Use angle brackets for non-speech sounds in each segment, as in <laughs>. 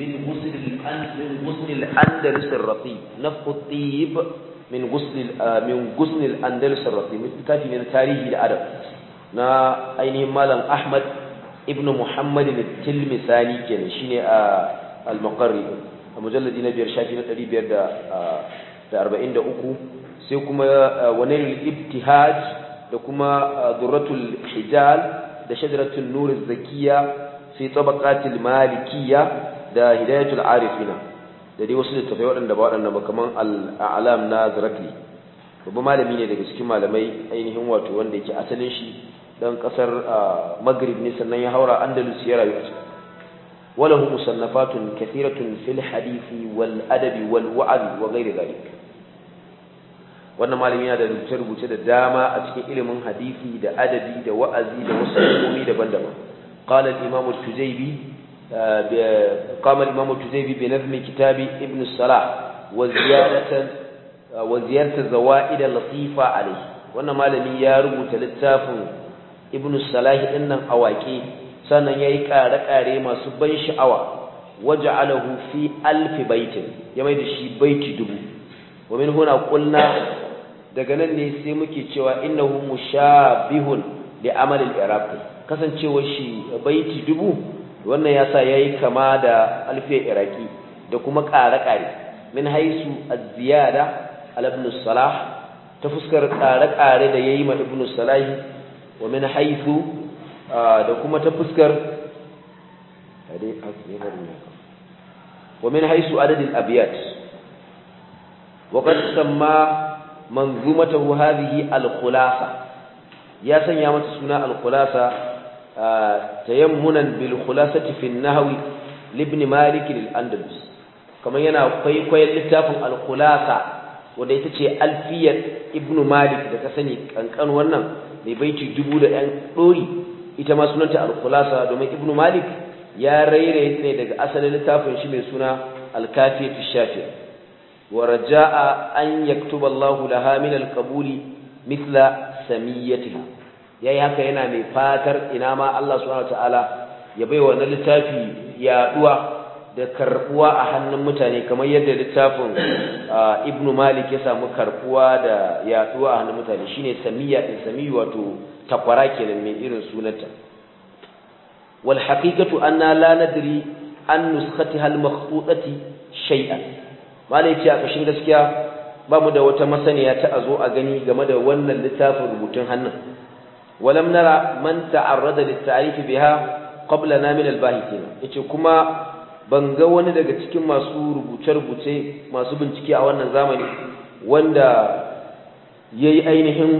من غسل من غسل الأندلس الرطيب نفق الطيب من غسل آه، من غسل الأندلس الرطيب كتاب من تاريخ الأدب نا أيني مالن أحمد ابن محمد التلمساني كان شيني آه، المقري المجلد بير الشافعي نتري بير دا 43 sai kuma wanayil ibtihaj da kuma durratul hijal da shajaratul النور الزكية في طبقات المالكية da hidayatul arifina da dai wasu littafai waɗanda ba waɗanda ba kaman al'alam na zarakli babban malami ne daga cikin malamai ainihin wato wanda yake asalin shi dan kasar maghrib ne sannan ya haura andalus ya rayu walahu musannafatun kathiratun fil hadisi wal adabi wal wa'd wa ghairi dhalik wannan malami yana da rubuce-rubuce da dama a cikin ilimin hadisi da adabi da wa'azi da wasu ilimi daban-daban qala al-imam قام الإمام الجزيبي بنظم كتاب ابن الصلاح وزيارة وزيارة زوائد لطيفة عليه wannan malami ya rubuta littafin ibn salahi dinnan wake sannan yayi kare-kare masu ban sha'awa waja'alahu fi alf baitin ya mai da shi baiti dubu wa min huna qulna daga nan ne sai muke cewa innahu sha bihun amal al-iraqi kasancewa shi baiti dubu wannan ya sa ya yi kama da alfiyar iraki da kuma ƙare-ƙare min haisu a ziyada ala ibn salah ta fuskar ƙare-ƙare da ya ma ibn salahi wa min haisu da kuma ta fuskar wa min haisu adadin abiyat wa qad ma manzumatahu hadhihi al-khulasa ya sanya mata suna al tayammunan bil khulasati fi an-nahwi libni malik al-andalus kamar yana kwaikwayon littafin al-khulasa wanda ita ce alfiyar ibnu malik da ka sani kankan wannan mai baiti dubu da ɗan ɗori ita ma sunanta al-khulasa domin ibnu malik ya rairaye ne daga asalin littafin shi mai suna al-kafiyatu shafi wa raja'a an yaktuba Allahu laha min al-qabuli mithla samiyatiha yayi haka yana mai fatar ina ma Allah subhanahu wataala ya bai wa littafi yaduwa da karbuwa a hannun mutane kamar yadda littafin ah, Ibn Malik ya samu karbuwa da yaduwa a hannun mutane shine samiya din samiyu wato takwara kenan mai irin sunanta wal haqiqatu anna la nadri an nuskhatiha al makhtutati shay'an a kashin gaskiya bamu da wata masaniya ta azo a gani game da wannan littafin rubutun hannun ولم نرى من تعرض للتعريف بها قبلنا من الباحثين yace kuma ban ga wani daga cikin masu rubuce-rubuce masu bincike a wannan zamani wanda yayi ainihin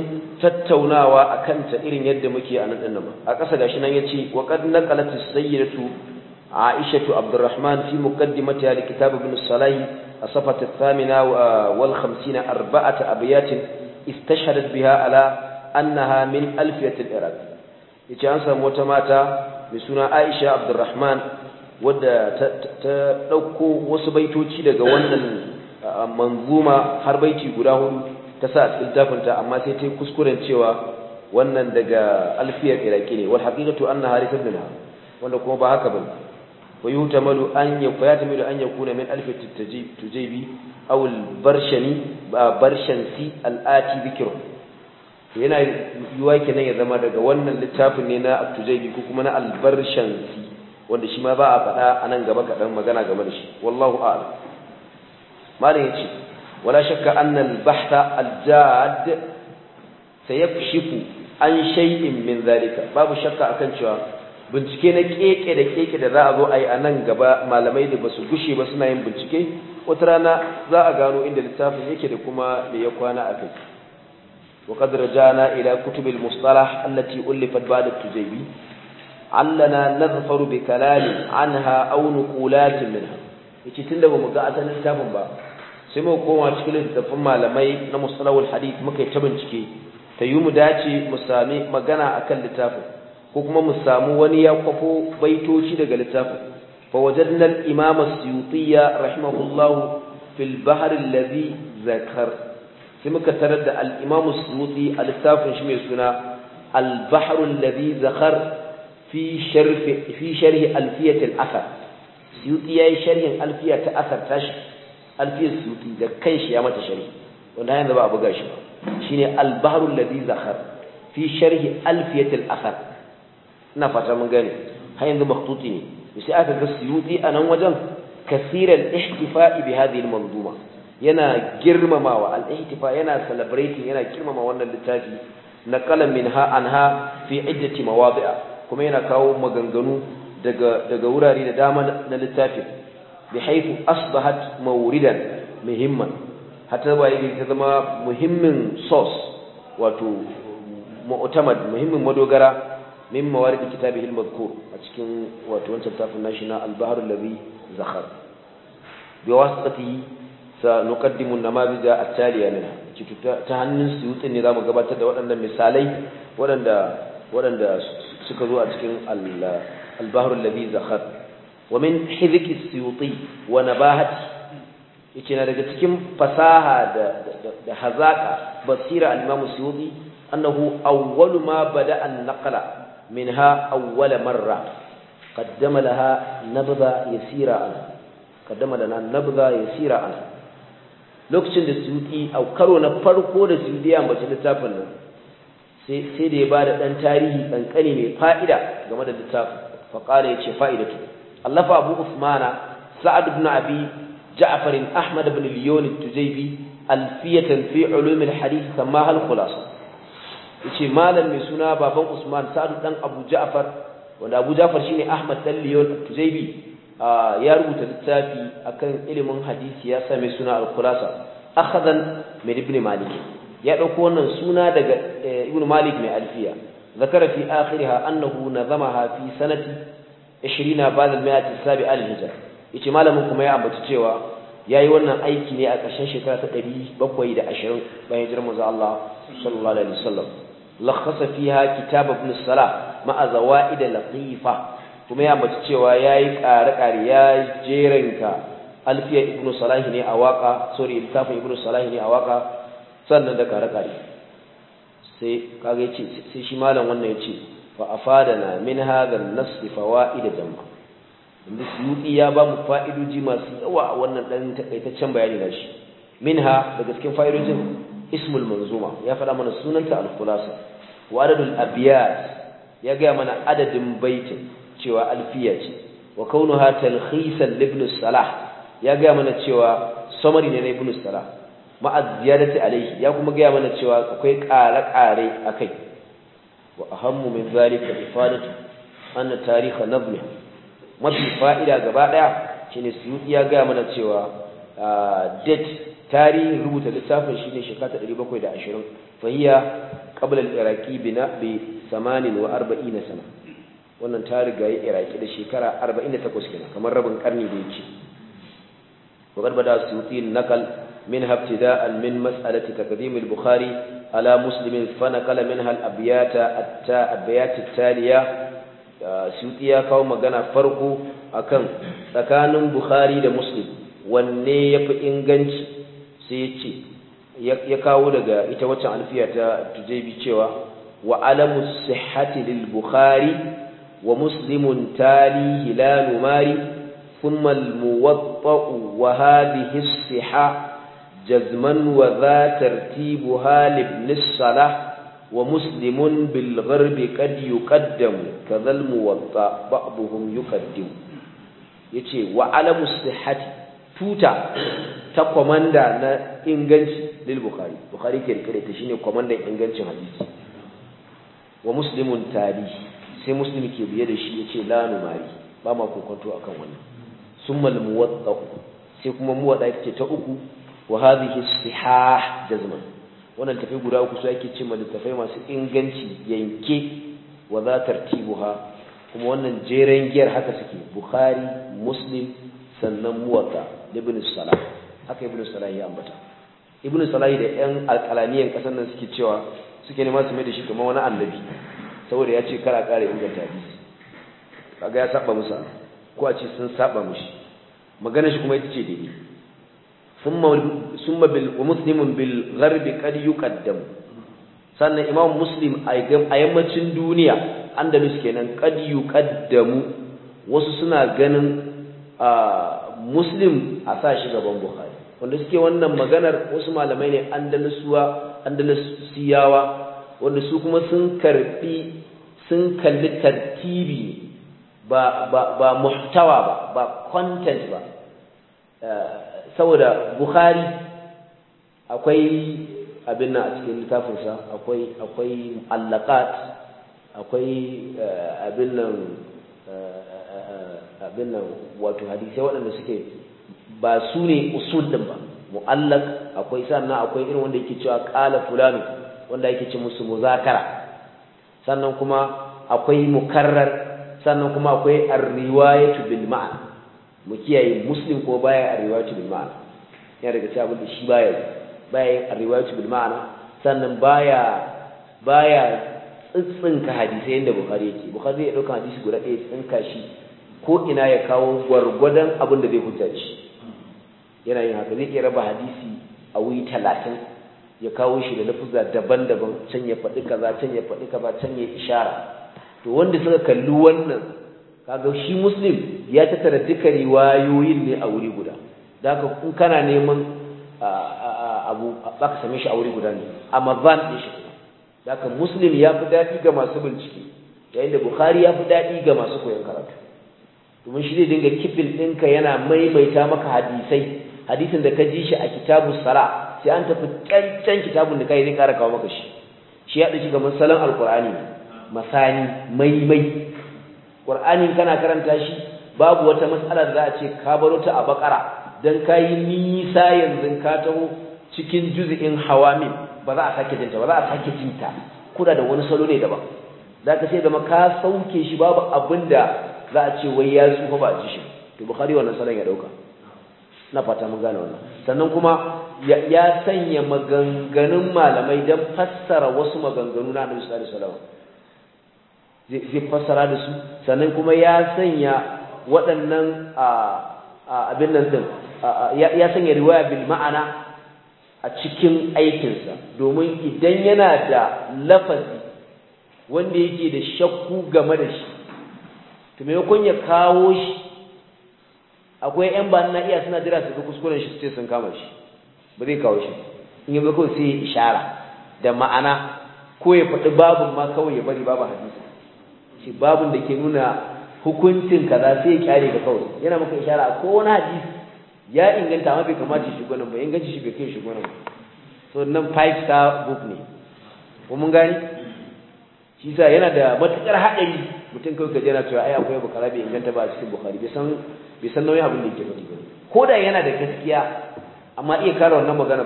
tattaunawa akan ta irin yadda muke a nan ba a ƙasa gashi nan yace wa qad naqalat as-sayyidatu Aisha Abdurrahman fi muqaddimatiha li kitab ibn Salah as-safat ath-thamina wal 50 arba'ata abyatin istashhadat biha ala annaha min alfiyatil iraq yace an samu wata mata mai suna Aisha Abdurrahman wadda ta dauko wasu baitoci daga wannan manzuma har baiti guda hudu ta sa a cikin tafinta amma sai ta yi kuskuren cewa wannan daga alfiyar iraki ne wal haqiqatu annaha harith ibn wanda kuma ba haka bane wa yutamalu an ya fayatamilu an yakuna min tajib tujibi aw al barshani ba barshansi al ati bikru yana yiwuwa kenan ya zama daga wannan littafin ne na abtujaibi ko kuma na albarshansi wanda shi ma ba a faɗa a nan gaba kaɗan magana game da shi wallahu a'lam malam ya ce wala shakka anna al-bahtha al-jad sayakshifu an shay'in min zalika babu shakka akan cewa bincike na keke da keke da za a zo a yi a nan gaba malamai da basu gushe ba suna yin bincike wata rana za a gano inda littafin yake da kuma da ya kwana a kai وقد رجعنا إلى كتب المصطلح التي ألفت بعد التجيبي علنا نظفر بكلام عنها أو نقولات منها yace tun da bamu ga asalin littafin ba sai muka koma cikin littafin malamai na mustalahul hadith muka yi ta bincike ta yi mu dace mu sami magana akan littafin ko kuma mu sami wani ya kwafo baitoci daga littafin fa wajadna al-imam as-suyuti rahimahullahu fil bahr alladhi zakar sai muka tarar da al-Imam a littafin shi mai suna al-Bahr alladhi zakhar fi sharhi alfiyatin sharh alfiyat al-athar yayi sharhin alfiya ta athar tashi alfiyar Suyuti da shi ya mata sharhi wanda yanzu ba a buga shi ba shine ne bahr alladhi zakhar fi sharhi alfiyatin al ina fata mun gani. har yanzu makhtuti ne sai aka ga Suyuti a nan wajen kasirar ihtifa'i bi hadhihi al-manzuma yana girmamawa al-ihtifa yana celebrating yana girmama wannan littafi na qalam minha anha fi iddati mawadi'a kuma yana kawo maganganu daga daga wurare da dama na littafin bihaythu asbahat mawridan muhimman hatta bai ta zama muhimmin source wato mu'tamad muhimmin madogara min mawarid kitabihi al-madhkur a cikin wato wancan tafin nashi na al-bahr alladhi zakhar bi wasitatihi سنقدم النماذج التالية منها تهنن سيوت النظام قبلت دوانا مثالي وانا وانا سكذوا أتكين البهر الذي زخر ومن حذك السيوطي ونباهة يتنا لقتكم فساها هذاك بصير الإمام السيوطي أنه أول ما بدأ النقل منها أول مرة قدم لها نبذة يسيرة قدم لنا نبذة يسيرة عنها lokacin da suyuti a karo na farko da suyuti ya ambaci littafin nan sai da ya ba da ɗan tarihi ƙanƙani mai fa'ida game da littafin faƙara ya ce fa'idatu allafa abu usmana sa'ad ibn abi ja'far ahmad ibn liyon tujaybi alfiyatan fi ulum alhadith kama hal khulasa yace malam mai suna baban usman sa'ad ɗan abu ja'far wanda abu ja'far shine ahmad dan liyon tujaybi ya rubuta littafi akan ilimin hadisi ya same suna al-khulasa akhadan min ibn malik ya dauko wannan suna daga ibn malik mai alfiya zakara fi akhiriha annahu nazamaha fi sanati 20 ba'da al-mi'ati as-sabi'a al-hijra yace malamin kuma ya ambaci cewa yayi wannan aiki ne a ƙarshen shekara ta 720 bayan hijirar manzo Allah sallallahu alaihi wasallam lakhasa fiha kitab ibn salah ma'a zawaid latifa kuma ya mace cewa ya yi ƙare-ƙare ya jeranka alfiyar ibnu salahi ne a waka sorry littafin ibnu salahi ne a waka sannan da ƙare-ƙare sai kaga ya ce sai shi malam wannan ya a fa na min hadha an-nass fawaid damma inda suyuti ya ba mu fa'idoji masu yawa a wannan ɗan takaitaccen bayani da shi ha daga cikin fa'idojin ismul manzuma ya faɗa mana sunanta al kulasa wa adadul abyat ya gaya mana adadin baitin cewa alfiya ce wa kaunuha talkhisan libn salah ya ga mana cewa samari ne na ibn salah ma'a ziyadati alayhi ya kuma ga mana cewa akwai ƙare ƙare akai wa ahammu min zalika ifadatu anna tarikh nabl mafi fa'ida gaba daya shine suyuti ya ga mana cewa date tarihin rubuta littafin shine shekara 720 fahiya qabla al-iraqi bi 48 sana wannan ta riga yi iraki da shekara 48 kenan kamar rabin karni da yake wa garbada suti nakal min habtida'an min mas'alati taqdim al-bukhari ala muslimin fa nakala minha al-abyata atta abyat at-taliya ah, suti ya kawo magana farko a kan tsakanin bukhari da muslim wanne yafi inganci sai ya kawo daga ita waccan alfiya ta tujebi cewa wa alamu sihhati lil bukhari ومسلم تالي هلال ماري ثم الموطأ وهذه الصحة جزما وذا ترتيبها لابن الصلاح ومسلم بالغرب قد يقدم كذا الموطأ بعضهم يقدم يتي وعلم الصحة توتا تقومندا نا إنجنش للبخاري بخاري كيركريت شيني قومندا إنجنش حديث ومسلم تالي sai musulmi ke biye da shi ya ce la numari ba ma kokonto akan wannan summa al-muwatta sai kuma muwatta yake ta uku wa hadhihi sihah jazman wannan tafi guda uku sai ake cewa littafai masu inganci yanke wa za tartibuha kuma wannan jeren giyar haka suke bukhari muslim sannan muwatta ibn salah haka ibn salah ya ambata ibn salah da yan alqalaniyan kasan nan suke cewa suke neman su mai da shi kamar wani annabi saboda ya ce kara kare inganta hadisi kaga ya saba musa ko a ce sun saba mushi magana shi kuma ita ce daidai summa bil muslimun bil gharb qad yuqaddam sannan imam muslim a yammacin duniya andalus kenan qad yuqaddamu wasu suna ganin muslim a sa shi gaban bukhari wanda suke wannan maganar wasu malamai ne andalusuwa andalusiyawa wanda su kuma sun karbi sun kalli tartibi ba ba ba muhtawa ba ba content ba eh, saboda bukhari akwai abin nan a cikin littafinsa akwai akwai mu'allaqat akwai eh, abin nan eh, abin nan wato hadisai waɗanda suke ba su ne usul din ba mu'allaq akwai sannan akwai irin wanda yake cewa qala fulani wanda yake ci musu muzakara sannan kuma akwai mukarrar sannan kuma akwai ar-riwayatu bil ma'an mu kiyaye muslim ko baya ar-riwayatu bil ma'an yana daga cewa abin shi baya baya ar-riwayatu bil ma'an sannan baya baya tsitsinka hadisi yanda bukhari yake bukhari ya dauka hadisi guda ɗaya tsinka shi ko ina ya kawo gwargwadon abin da zai hujja shi yana yin haka zai iya raba hadisi a wuyi talatin ya kawo shi da lafuza daban-daban can ya faɗi kaza can ya faɗi kaza can ya ishara to wanda suka kalli wannan kaga shi muslim ya tattara duka riwayoyin ne a wuri guda da haka in kana neman abu za ka same shi a wuri guda ne a mazan ɗin shi da haka muslim ya fi daɗi ga masu bincike yayin da bukhari ya fi daɗi ga masu koyon karatu domin shi zai dinga kifin ɗinka yana maimaita maka hadisai hadisin da ka ji shi a kitabu sara sai an tafi cancan kitabun da kai zai kara kawo maka shi shi ya ɗauki ga masalan alqur'ani masani maimai qur'ani kana karanta shi babu wata matsala da za a ce ka baro ta a bakara dan ka yi nisa yanzu ka taho cikin juz'in hawamin ba za a sake jinta ba za a sake jinta kuda da wani salo ne daban zaka sai zama ka sauke shi babu abinda da za a ce wai ya tsufa ba a ji shi to bukhari wannan salon ya dauka na fata mun gane wannan sannan kuma ya sanya maganganun malamai don fassara wasu maganganu na annabi sallallahu alaihi wasallam zai fassara da su sannan kuma ya sanya waɗannan abin nan din ya sanya riwaya bil ma'ana a cikin aikinsa domin idan yana da lafazi wanda yake da shakku game da shi to maimakon ya kawo shi akwai 'yan ba na iya suna jira su fi kuskuren shi sai sun kama shi ba zai kawo shi in yi kawai sai ya ishara da ma'ana ko ya faɗi babin ma kawai ya bari babu hadisi shi babin da ke nuna hukuncin kaza sai ya kyare ka kawai yana maka ishara a kowane hadisi ya inganta mafi kamata shi gwanin ba inganci shi bai kai shi gwanin ba so nan five star book ne ko mun gani shi sa yana da matukar haɗari mutum kawai ka jana cewa ai akwai bukara bai inganta ba a cikin bukari bai san nauyin abin da yake faɗi ba ko da yana da gaskiya amma iya kare wannan magana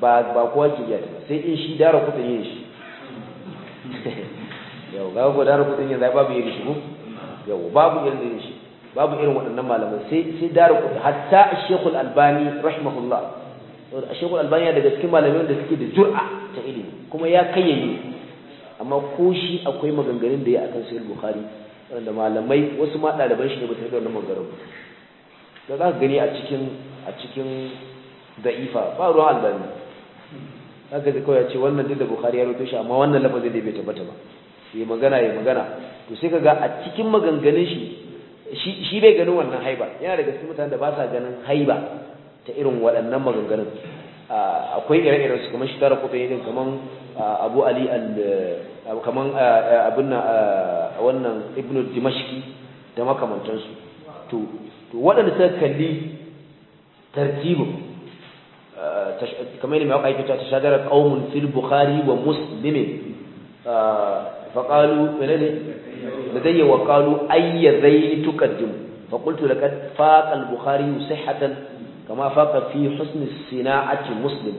ba ba kowa ke yi sai in shi dara kudin yin shi <laughs> yau ga ko dara kudin yin zai babu yin shi ko yau babu irin yin shi babu irin waɗannan malamai sai sai dara kudin hatta shekul Albani rahimahullah shekul Albani ya daga cikin malamai da suke da jur'a ta ilimi kuma ya kayyaye amma ko shi akwai maganganun da ya akan Sahih Bukhari wanda malamai wasu ma ɗaliban shi ne ba su da wannan maganganun ba za ka gani a cikin a cikin da'ifa ba ruwan albani haka zai kawai ce wannan duk da bukari ya rubuta shi amma wannan lafa zai bai tabbata ba yi magana yi magana to sai kaga a cikin maganganun shi shi bai ganin wannan haiba yana daga cikin mutanen da ba sa ganin haiba ta irin waɗannan maganganun akwai ire-iren su kamar shi tara kofa yin kamar abu ali al kamar abin wannan ibnu dimashki da makamantansu to waɗanda suka kalli tartibin kamar yadda mai waka ta shagara qaumun fil bukhari wa muslim ah, fa qalu menene ladayya wa qalu ayya zayni tuqaddim fa qultu laqad faqa al bukhari sihhatan kama faqa fi husn sina'ati muslim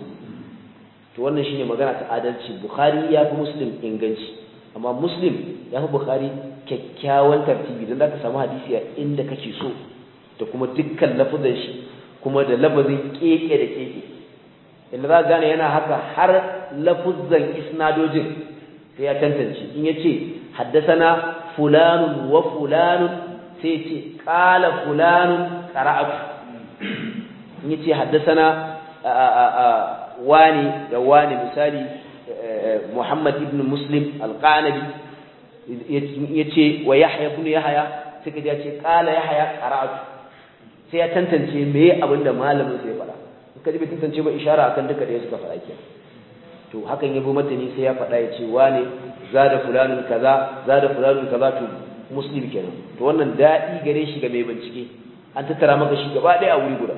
to wannan shine magana ta adalci bukhari ya fi muslim inganci amma muslim ya fi bukhari kyakkyawan tartibi don zaka samu hadisi a inda kake so da kuma dukkan lafazan shi kuma da labazin keke da keke yadda za gane yana haka har lafuzzan isnadojin sai ya tantance in ya ce haddasana fulanun wa fulanun sai ce kala fulanun ƙara'atu in ya ce haddasana wani da wani misali eh, eh, muhammad ibn muslim alƙanabi ya ce wa yahya ibn yahya suka ce ƙala yahya ƙara'atu sai ya tantance me abinda malamin sai faɗa kaji bai tantance ba ishara akan duka da ya suka faɗa kenan to hakan ya bi matani sai ya faɗa ya ce wane da fulanin kaza da fulanin kaza to musulmi kenan to wannan daɗi gare shi ga mai bincike an tattara maka shi gaba ɗaya a wuri guda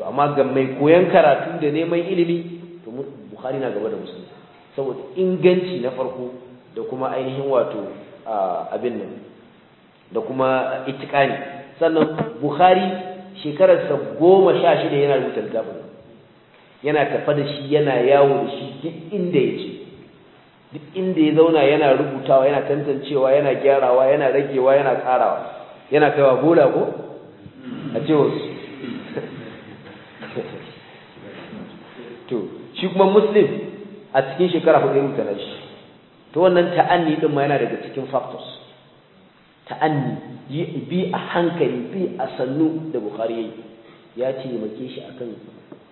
to amma ga mai koyan karatu da neman ilimi to bukhari na gaba da musulmi saboda inganci na farko da kuma ainihin wato ah, abin nan da kuma itikani sannan bukhari shekararsa goma sha shida yana rubuta littafin yana tafa da shi yana yawo da shi duk inda ya ce duk inda ya zauna yana rubutawa yana tantancewa yana gyarawa yana ragewa yana karawa yana kaiwa bola ko a ce wasu <laughs> to shi kuma muslim a cikin shekara hudu rubuta na shi to wannan ta'anni din ma yana daga cikin factors ta'anni bi a hankali bi a sannu da bukhari ya ce make shi akan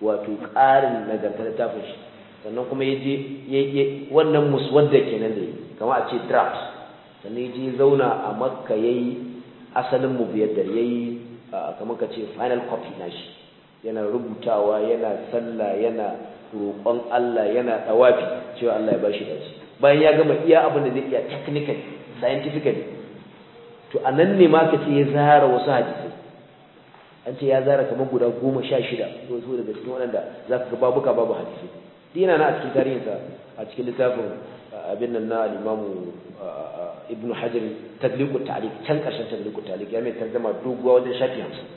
wato ƙarin nagartar tafin shi sannan kuma ya je wannan muswadda kenan da yi kama a ce drafts sannan ya je zauna a makka ya yi asalin mubiyaddar ya yi kamar ka ce final copy na shi yana rubutawa yana sallah yana roƙon Allah yana tawafi cewa Allah ya bashi dace bayan ya gama iya abin da zai iya technically scientifically to a nan ne ma ka ce ya zara wasu hadisai an ce ya zara kamar guda goma sha shida wasu daga cikin waɗanda za ka ga babuka babu hadisai duk na a cikin tarihinsa a cikin littafin abin nan na alimamu ibnu hajar tadliqu ta'liq can ƙarshen tadliqu ta'liq ya mai tarjama doguwa wajen shafi hamsin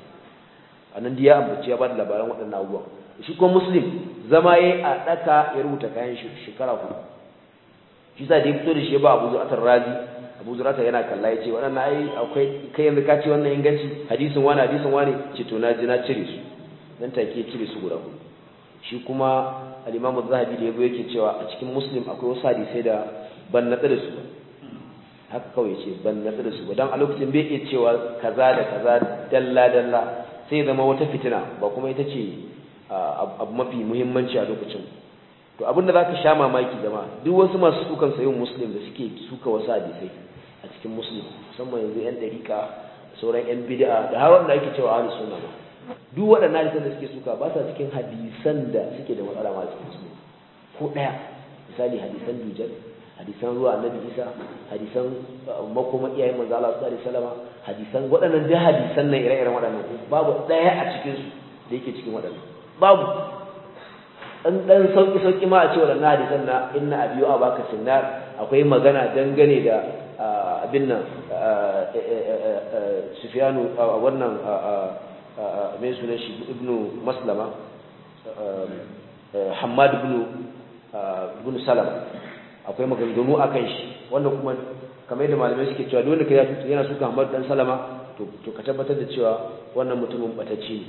a nan ya ambaci ya ba da labaran waɗannan abubuwan shi kuma muslim zama ya yi a ɗaka ya rubuta kayan shekara kuma. shi sa da ya fito da shi ya ba abu zuwa razi abu zurata yana kalla ya ce waɗannan ai akwai kai yanzu ka ce wannan inganci hadisin wani hadisin wani ce to na ji na cire su nan take cire su guda hudu shi kuma al-imam az-zahabi da yabo yake cewa a cikin muslim akwai wasu hadisai da ban natsa da su haka kawai ce ban natsa da su ba dan a lokacin bai iya cewa kaza da kaza dalla dalla sai zama wata fitina ba kuma ita ce abu mafi muhimmanci a lokacin to abinda zaka sha mamaki jama'a duk wasu masu sukan sayin muslim da suke suka wasu hadisai cikin muslim musamman yanzu yan dariƙa sauran yan bid'a da har da ake cewa a suna ba duk waɗannan hadisan da suke suka ba sa cikin hadisan da suke da matsala ma cikin su ko ɗaya misali hadisan dujar hadisan ruwa annabi isa hadisan uh, makoma iyayen manzo Allah sallallahu alaihi wasallam hadisan waɗannan da hadisan nan ire-iren waɗannan babu ɗaya a cikin su da yake cikin waɗannan babu dan dan sauki sauki ma a ce waɗannan hadisan na inna abiyu abaka sinnar akwai magana dangane da abin nan sufiyanu wannan mai suna shi ibnu maslama um, eh, hamad ibn salama akwai maganganu akan shi wanda kuma kamar yadda malamai suke cewa dole ka yana suka hamad dan salama to ka tabbatar da cewa wannan mutumin batacci ne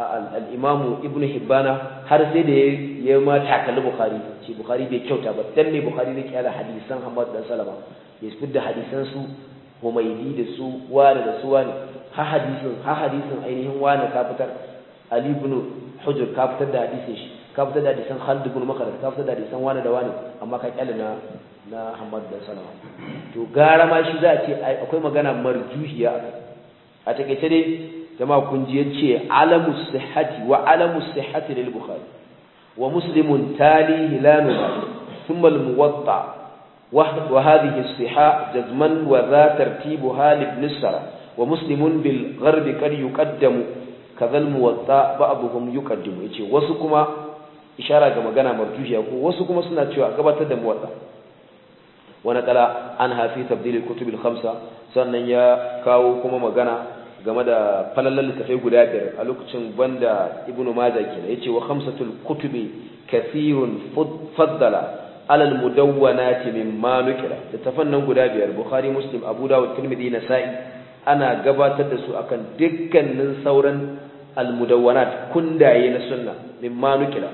al'imamu ibn hibbana har sai da ya ma takalli bukari ce bukari bai kyauta ba dan mai bukari zai kyala hadisan hamad dan salama ya fi da hadisan su humaidi da su wani da su wani ha hadisin ha hadisin ainihin wani ka fitar ali ibn hujr ka fitar da hadisin shi ka fitar da hadisan khalid ibn makar ka fitar da hadisan wani da wani amma ka kyala na na hamad dan salama to gara ma shi za a ce akwai magana marjuhiya a takaice dai jama'a kun ji yace alamu sihhati wa alamu sihhati lil bukhari wa muslimun la hilaluna thumma al muwatta wa hadhihi as-sihha jazman wa za tartibuha li ibn sara wa muslimun bil gharbi kad yuqaddamu kadhal muwatta ba'dhum yuqaddamu yace wasu kuma ishara ga magana marjuhiya ko wasu kuma suna cewa gabatar da muwatta wa naqala anha fi tabdil al-kutub al-khamsa sannan ya kawo kuma magana game da falalan littafai guda biyar a lokacin banda ibnu maza ya ce wa hamsatul kutubi kathirun faddala alal mudawwanati mimma nukira littafan nan guda biyar bukhari muslim abu dawud tirmidhi nasa'i ana gabatar da su akan dukkanin sauran al mudawwanat kundaye na sunna mimma nukira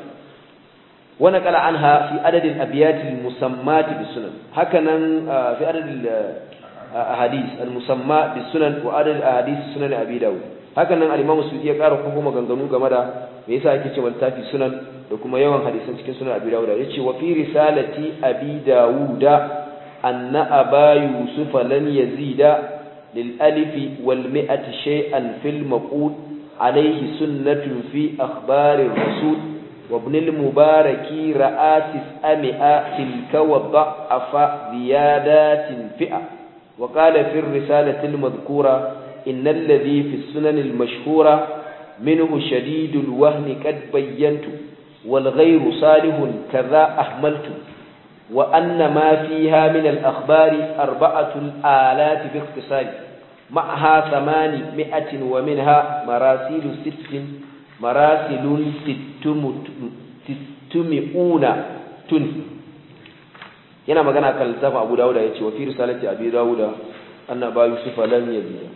wa naqala anha fi adadil abiyat al musammat bi sunan hakanan ah, fi adadil ah, ahadith al-musamma bis sunan wa adad ahadith sunan abi dawud haka nan al-imam suudi ya kara kuma maganganu game da me yasa ake cewa fi sunan da kuma yawan hadisan cikin sunan abi dawud yace wa fi risalati abi dawuda anna aba yusuf lam yazida lil alif wal mi'ati shay'an fil maqul alayhi sunnatun fi akhbari rasul وابن المبارك رآت الأمئة تلك وضعف زيادات فئة وقال في الرسالة المذكورة إن الذي في السنن المشهورة منه شديد الوهن قد بينت والغير صالح كذا أحملت وأن ما فيها من الأخبار أربعة الآلات باختصار معها ثمانمائة ومنها مراسيل ست مراسل ستمئون تنهي yana magana kan littafin Abu Dawud ya ce wa fi risalati Abi Dawud anna ba Yusuf lam yazida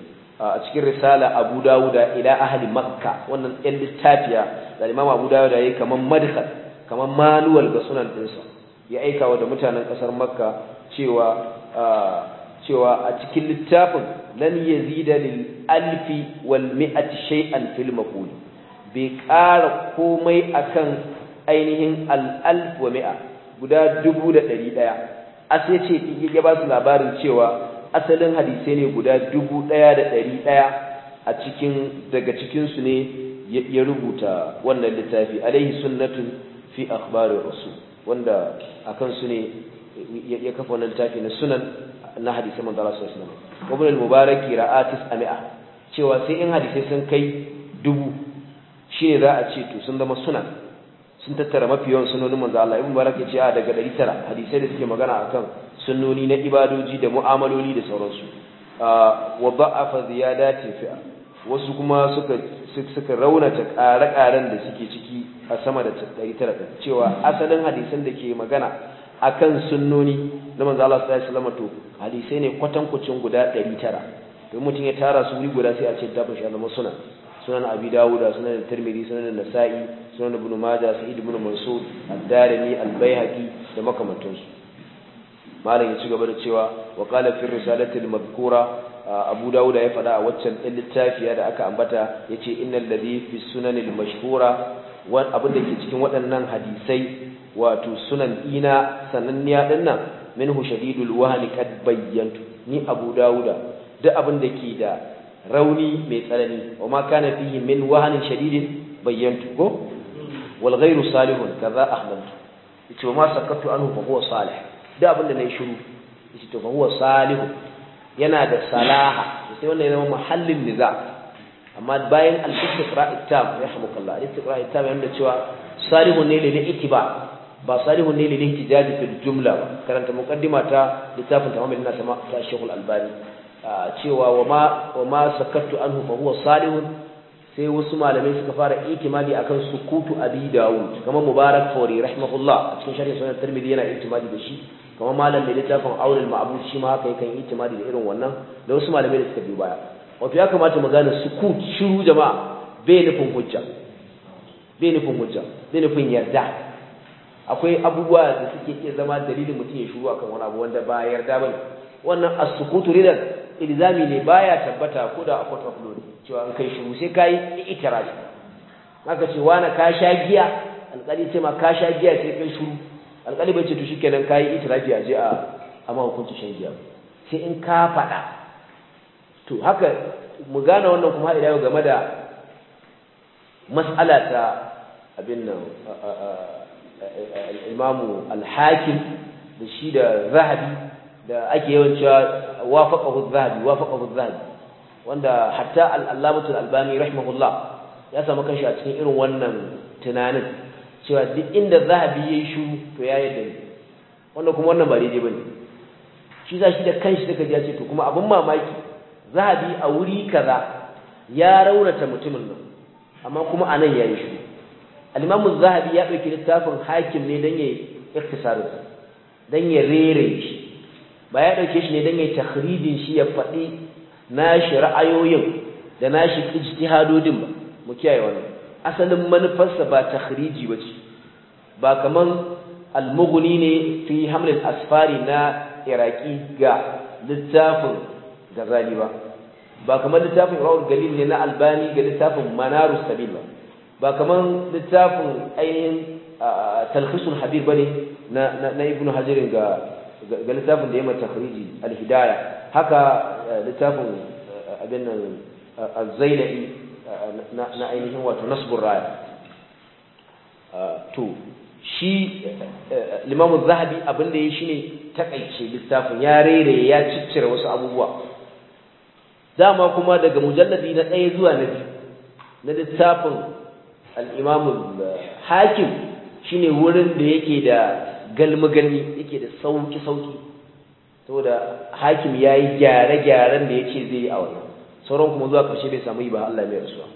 a cikin risala Abu Dawud ila ahli Makka wannan ɗan littafiya da Imam Abu Dawud yi kaman madkhal kaman manual ga sunan dinsa ya aika wa da mutanen kasar Makka cewa a cikin littafin lan yazida lil alfi wal mi'ati shay'an fil maqul bai ƙara komai akan ainihin al wa mi'a guda dubu da ɗari ɗaya a sai ce ya ba su labarin cewa asalin hadisai ne guda dubu ɗaya da ɗari ɗaya a cikin daga cikinsu ne ya rubuta wannan littafi alaihi sunnatun fi akhbarin rasul wanda a kansu ne ya kafa wannan littafi na sunan na hadisai man zara sallallahu alaihi wabin al mubaraki ra'atis ami'a cewa sai in hadisai sun kai dubu shi ne za a ce to sun zama sunan sun tattara mafi yawan sunonin manzo Allah ibn baraka ce a daga 900 hadisai da suke magana akan sunnoni na ibadoji da mu'amaloli da sauransu wa da'afa ziyadati fi wasu kuma suka suka raunata ƙare-ƙaren da suke ciki a sama da 900 cewa asalin hadisan da ke magana akan sunnoni na manzo Allah sallallahu alaihi wasallam to hadisai ne kwatankwacin guda 900 don mutum ya tara su wuri guda sai a ce dabba shi Allah sunan sunan abi dawuda sunan tirmidhi sunan nasa'i sunan ibn majah sa'id ibn mansur ad-darimi al-baihaqi da makamantansu malam ya ci gaba da cewa wa qala fi risalati al-madhkura abu dawuda ya faɗa a waccan ɗin littafiya da aka ambata yace innal ladhi fi sunan al-mashhura wan abin da ke cikin waɗannan hadisai wato sunan ina sananniya dinnan minhu shadidul wahni kad bayyantu ni abu dawuda duk abin da ke da rauni mai tsanani wa ma kana fihi min wahanin shadidin bayyantu ko wal ghayru salihun kaza ahmadu yace ma sakatu anhu fa huwa salih da abinda nayi shiru yace to fa huwa salih yana da salaha sai wannan yana muhallin niza amma bayan al-istiqra' at-tam rahmukallah al-istiqra' at-tam yana cewa salihun ne lil ittiba ba salihun ne lil ihtijaji fil jumla karanta muqaddima littafin tamamul nasama ta Sheikh albani cewa wa ma sakattu anhu fa huwa salihun sai wasu malamai suka fara itimadi akan sukutu abi daud kamar mubarak fori rahimahullah a cikin sharhi sunan tirmidhi yana itimadi da shi kamar malam mai littafin aulul ma'bud shi ma haka yakan itimadi da irin wannan da wasu malamai da suka bi baya wato ya kamata mu gane sukut shiru jama'a bai nufin hujja bai nufin hujja bai nufin yarda akwai abubuwa da suke iya zama dalilin mutum ya shiru akan wani abu wanda ba yarda ne wannan as-sukutu ridan ilzami ne baya tabbata ko da a court of law cewa an kai shiru sai kai itirafi haka ce wani ka sha giya alƙali ce ma ka sha giya sai kai shuru alƙali bai ce to shikenan kai itirafi a je a amma hukunci shan giya sai in ka faɗa to haka mu gane wannan kuma idan yau game da mas'ala ta abin nan imamu al-hakim da shi da zahabi da ake yawan cewa wafaqahu az-zahabi wafaqahu az-zahabi wanda hatta al-allamatu al-albani rahimahullah ya samu kanshi a cikin irin wannan tunanin cewa duk inda zahabi yayi shiru to ya yi dai wanda kuma wannan ba daidai bane shi za shi da kanshi daga ya ce to kuma abin mamaki zahabi a wuri kaza ya raunata mutumin nan amma kuma anan yayi shiru al az zahabi ya dauki littafin hakim ne dan yayi iktisarin dan ya rere shi ba ya ɗauke shi ne don ya shi ya faɗi nashi ra'ayoyin da nashi ijtihadodin ba mu kiyaye wannan asalin manufarsa ba tahriji bace ba kaman al ne fi haml al-asfari na iraki ga littafin gazali ba ba kaman littafin rawul galil ne na albani ga littafin manarus sabil ba ba kaman littafin ainihin talhisul habib bane na na ibnu ga ga littafin da ya mata takhriji alhidaya haka eh, littafin eh, abin nan eh, na ainihin wato nasbur raya to shi limamu zahabi abin ya shi ne takaice littafin ya rere ya ciccire wasu abubuwa dama kuma daga mujalladi na ɗaya zuwa na na littafin al'imamun hakim shi ne wurin da yake da galmi-galmi yake da sauki-sauki saboda hakim ya yi gyare-gyaren da ya ce zai yi a wannan sauran kuma zuwa ƙarshe bai samu yi ba Allah mai rasuwa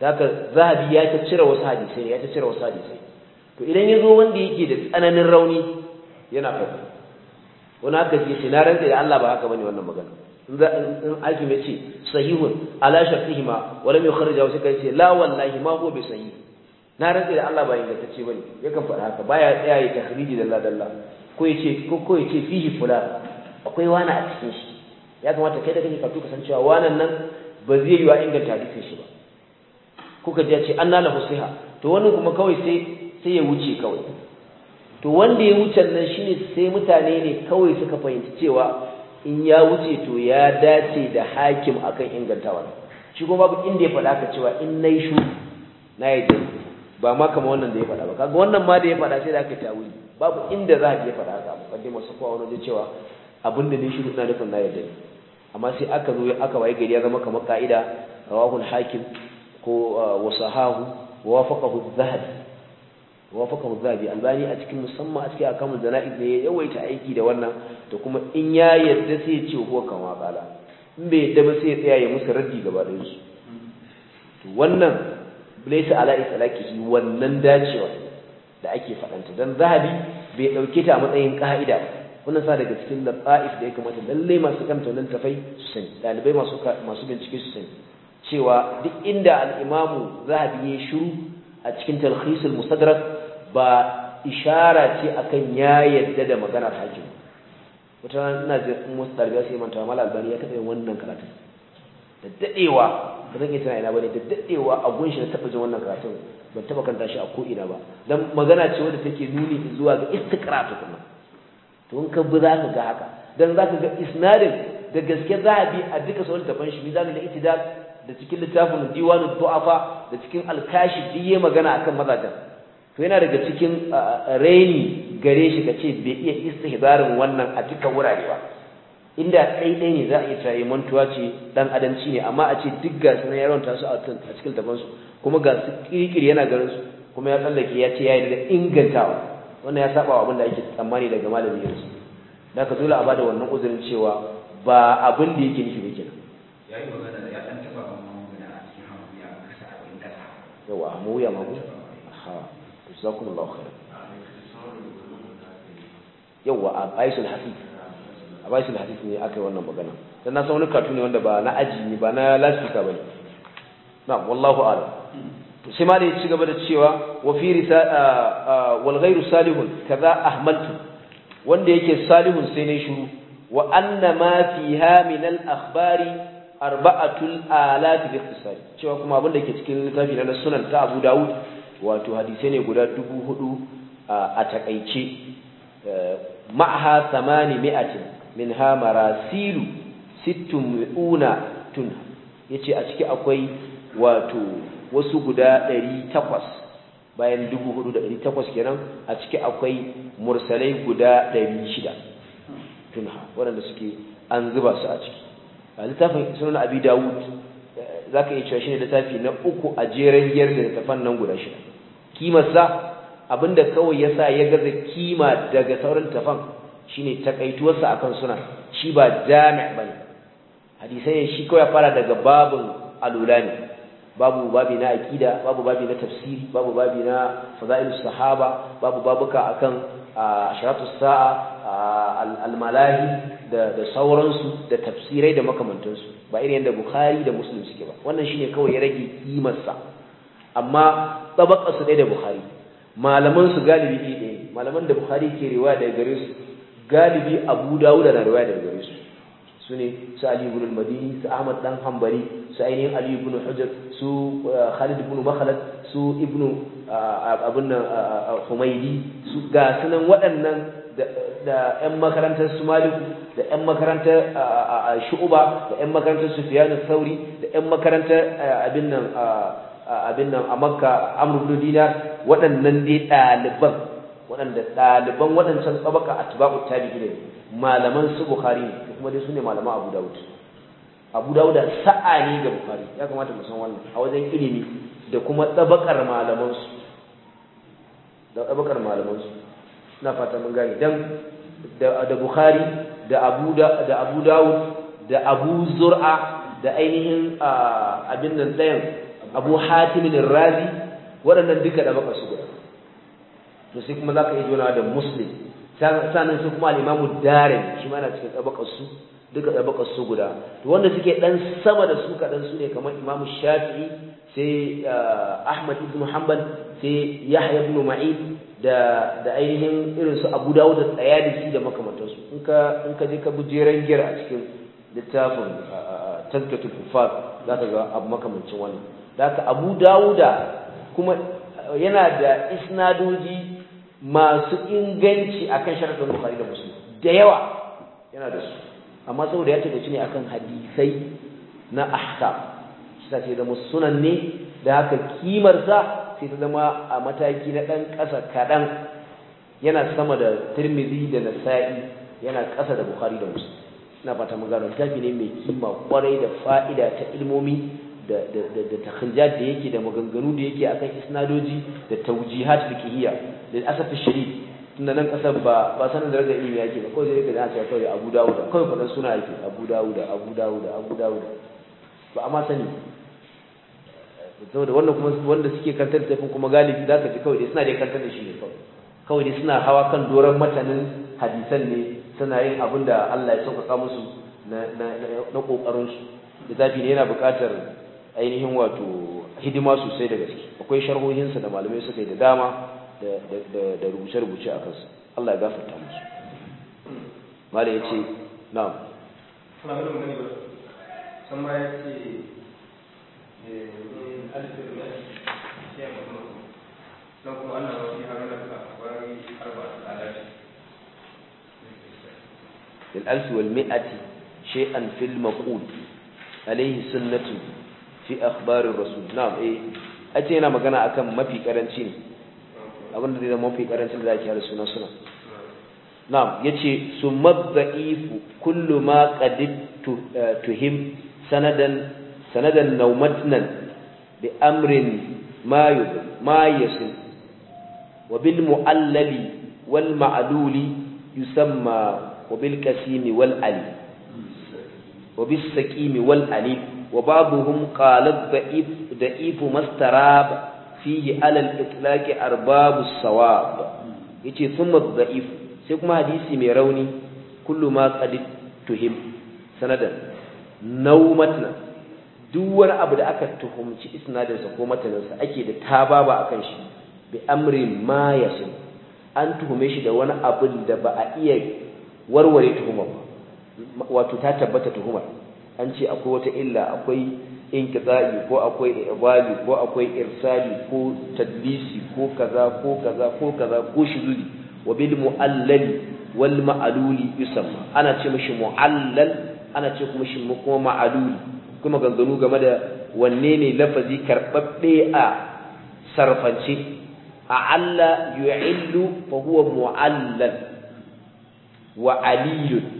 da haka zahabi ya ta cire wasu hadisai ya ta cire wasu hadisai to idan ya zo wanda yake da tsananin rauni yana faɗi wani haka ce ce na rantsa da Allah ba haka bane wannan magana in za in hakim ya ce sahihun ala shartihima wa lam yukhrija wa sai ce la wallahi ma huwa bi sahih na rantsa da Allah ba ingantacce bane yakan faɗa haka baya tsaya ya tahriji dalla dalla ko yace ko ko yace fihi fulan akwai wani a cikin shi ya kamata kai da kake karatu ka san cewa wannan nan ba zai yi wa inganta hadisin shi ba kuka ji ya ce anna la husiha to wannan kuma kawai sai sai ya wuce kawai to wanda ya wuce nan shine sai mutane ne kawai suka fahimci cewa in ya wuce to ya dace da hakim akan ingantawa shi kuma babu inda ya faɗa ka cewa in nayi shu na yi ba ma kama wannan da ya faɗa ba kaga wannan ma da ya faɗa sai da aka yi babu inda za a je faɗa haka mukaddai masu kowa wani da cewa abin da ne shi na nufin na yadda amma sai aka zo aka waye gari ya zama kamar ka'ida rawahul hakim ko uh, wasahahu wa wafaqahu zahabi zahabi albani a cikin musamman a cikin akamul zana ne ya yawaita aiki da wannan da kuma in ya yarda sai ya ce ko kama kala in bai yarda ba sai ya tsaya ya musu raddi gaba da su wannan laysa ala itlaqihi wannan dacewa da ake fadanta dan zahabi bai dauke ta a matsayin ka'ida wannan sa daga cikin lafaif da ya kamata lalle masu kanta nan tafai su sani dalibai masu masu bincike su sani cewa duk inda al zahabi ya shiru a cikin talkhisul musadrak ba ishara ce akan ya yadda da maganar hakim wata ina jin musu tarbiya sai manta mala albani ya taɓa yin wannan karatun da dadewa ba zan iya tana ina bane da a gunshi na taba jin wannan karatun ban taba kanta shi a ko'ina ba don magana ce wadda take nuni zuwa ga karatu kuma. to in ka za ka ga haka don za ka ga isnadin da gaske za a bi a duka sauran taban shi za da ita da cikin littafin diwanin du'afa da cikin alkashi yi magana akan mazajen to yana daga cikin raini gare shi ka ce bai iya istihbarin wannan a duka wurare ba inda ɗaiɗai ne za a iya tsaye eh, mantuwa ce ɗan adamci ne amma a ce duk ga sunan na yaron ta su a cikin tabansu kuma ga su kirkiri yana garin su kuma ya tsallake ya ce ya yi da ingantawa wannan ya saba wa abin da ake tsammani daga malami su da ka dole a bada wannan uzurin cewa ba abin da yake nufi ba kenan ya yi magana da ya ɗan taɓa magana a cikin a kasa abin kasa yawa hamuya mamu ha jazakumullahu khairan yawa a aisul hafiz a bashi hadisi ne aka yi wannan magana dan na san wani katu ne wanda ba na aji ne ba na lastika bane na wallahu a'lam sai ma da ya ci gaba da cewa wa fi risa wal salihun kaza ahmaltu wanda yake salihun sai ne shiru wa anna ma fiha min al akhbari arba'atul alat bi ikhtisari cewa kuma abin da ke cikin littafi na sunan ta Abu Dawud wato hadisai ne guda dubu hudu a takaice eh, ma'aha 800 Min ha marasilu sittun mu'una tun yace a ciki akwai wato wasu guda takwas. bayan 4800 kenan a ciki akwai mursalai guda 600 ha. waɗanda suke an zuba su a ciki a littafin sunan abi dawud zaka iya cewa shine littafi na uku a jeren giyar da littafan nan guda shida kimarsa abinda kawai yasa ya gaza kima daga sauran tafan shine takaituwarsa akan sunan shi ba jami' bane hadisai shi kawai fara daga babun alulani. ne babu na akida babu babi na tafsiri babu babi na fadailu sahaba babu babuka akan asharatus sa'a almalahi da da sauransu da tafsirai da makamantansu ba irin yadda bukhari da muslim suke ba wannan shine kawai ya rage kimar sa amma dai da bukhari malaman su galibi ne malaman da bukhari ke riwaya daga gare su galibi abu dawuda na riwaya daga gare su su ne su ali ibn al-madini su ahmad dan hanbali su ainihin ali ibn hujr su uh, khalid ibn makhlad su ibn uh, abun uh, humaydi su ga sunan waɗannan da ƴan makarantar su maliku da ƴan makarantar shu'uba da ƴan makarantar su al sauri da ƴan makarantar abin nan a makka amr dinar waɗannan dai ɗaliban waɗanda ɗaliban waɗancan tsabaka a tuba'u tabi'i ne malaman su Buhari ne kuma dai su ne malaman abu dawud abu dawud sa'a ne ga Buhari, ya kamata mu san wannan a wajen ilimi da kuma tsabakar malaman su da tsabakar malaman su ina fata mun gane dan da Buhari, da abu da abu dawud da abu zur'a da ainihin ah, abin nan ɗayan abu hatimin razi waɗannan duka da baka su to sai kuma zaka iya juna da muslim sannan sai kuma al-imamu darin shi ma na cikin tabakar su duka tabakar su guda to wanda suke dan sama da su kadan su ne kamar imamu shafi'i sai ah, ahmad ibn hanbal sai yahya ibn ma'in da da ainihin irin su abu dawud da tsayadisi da su in ka in ka je ka buje gira a cikin littafin ah, ah, tazkatul kufar zaka ga abu makamancin wannan da abu dawuda kuma yana da isnadoji masu inganci akan sharadin Buhari da Muslim da yawa yana da su amma saboda ya tafi ne akan hadisai na ahka shi ta ce zama sunan ne da haka kimarsa, sa sai ta zama a mataki na ɗan ƙasa kaɗan yana sama da Turmizi da Nasa'i yana ƙasa da bukari da Muslim ina fata mun gano littafi ne mai kima kwarai da fa'ida ta ilmomi da takharijat da yake da maganganu da yake akan isnadoji da tawjihat fiqhiyya da asaf sharif tunda nan kasar ba ba sanin da raga ilimi yake ba kawai sai da aka kawai Abu Dawud kawai fadan suna yake Abu Dawud Abu Dawud Abu Dawud ba amma sani saboda wannan kuma wanda suke kantar da tafin kuma galibi za ka ji kawai dai suna dai kantar da shi ne kawai kawai dai suna hawa kan doran matanin hadisan ne suna yin abin da Allah ya sauƙaƙa musu na ƙoƙarinsu zafi ne yana buƙatar ainihin wato hidima sosai da gaske akwai sharhohinsa da malamai suka yi da dama da rubuce-rubuce a kansu Allah ya gafarta musu mara ya ce na'am الألف والمئة شيئا في المقول عليه سنة fi akhbarin rasul na'am eh ace yana magana akan mafi karanci ne abin da zai zama mafi karancin da zaki har sunan sunan na'am yace summa dha'ifu kullu ma qadittu eh, tuhim sanadan sanadan naumatnan bi amrin ma yud ma yasil wa bil mu'allali wal ma'luli yusamma wa bil kasimi wal ali wa bis saqimi wal alif wa babuhum qalat da'if da'if mastarab fihi ala al-itlaq arbabu sawab yace thumma ifu sai kuma hadisi mai rauni kullu ma qad tuhim sanadan naumatna duk wani abu da aka tuhumci isnadinsa ko mataninsa ake da tababa akan shi bi amri ma yasin an tuhume shi da wani abin da ba a iya warware tuhumar wato ta tabbata tuhumar an ce akwai wata illa akwai inkiza'i ko akwai ibali ko akwai irsali ko tadlisi ko kaza ko kaza ko kaza ko shuzuli wa bil muallal wal ma'lul yusamma ana ce mishi muallal ana ce kuma shi kuma ma'lul kuma ganganu game da wanne ne lafazi karbabbe a sarfance a alla yu'illu fa huwa muallal wa aliyun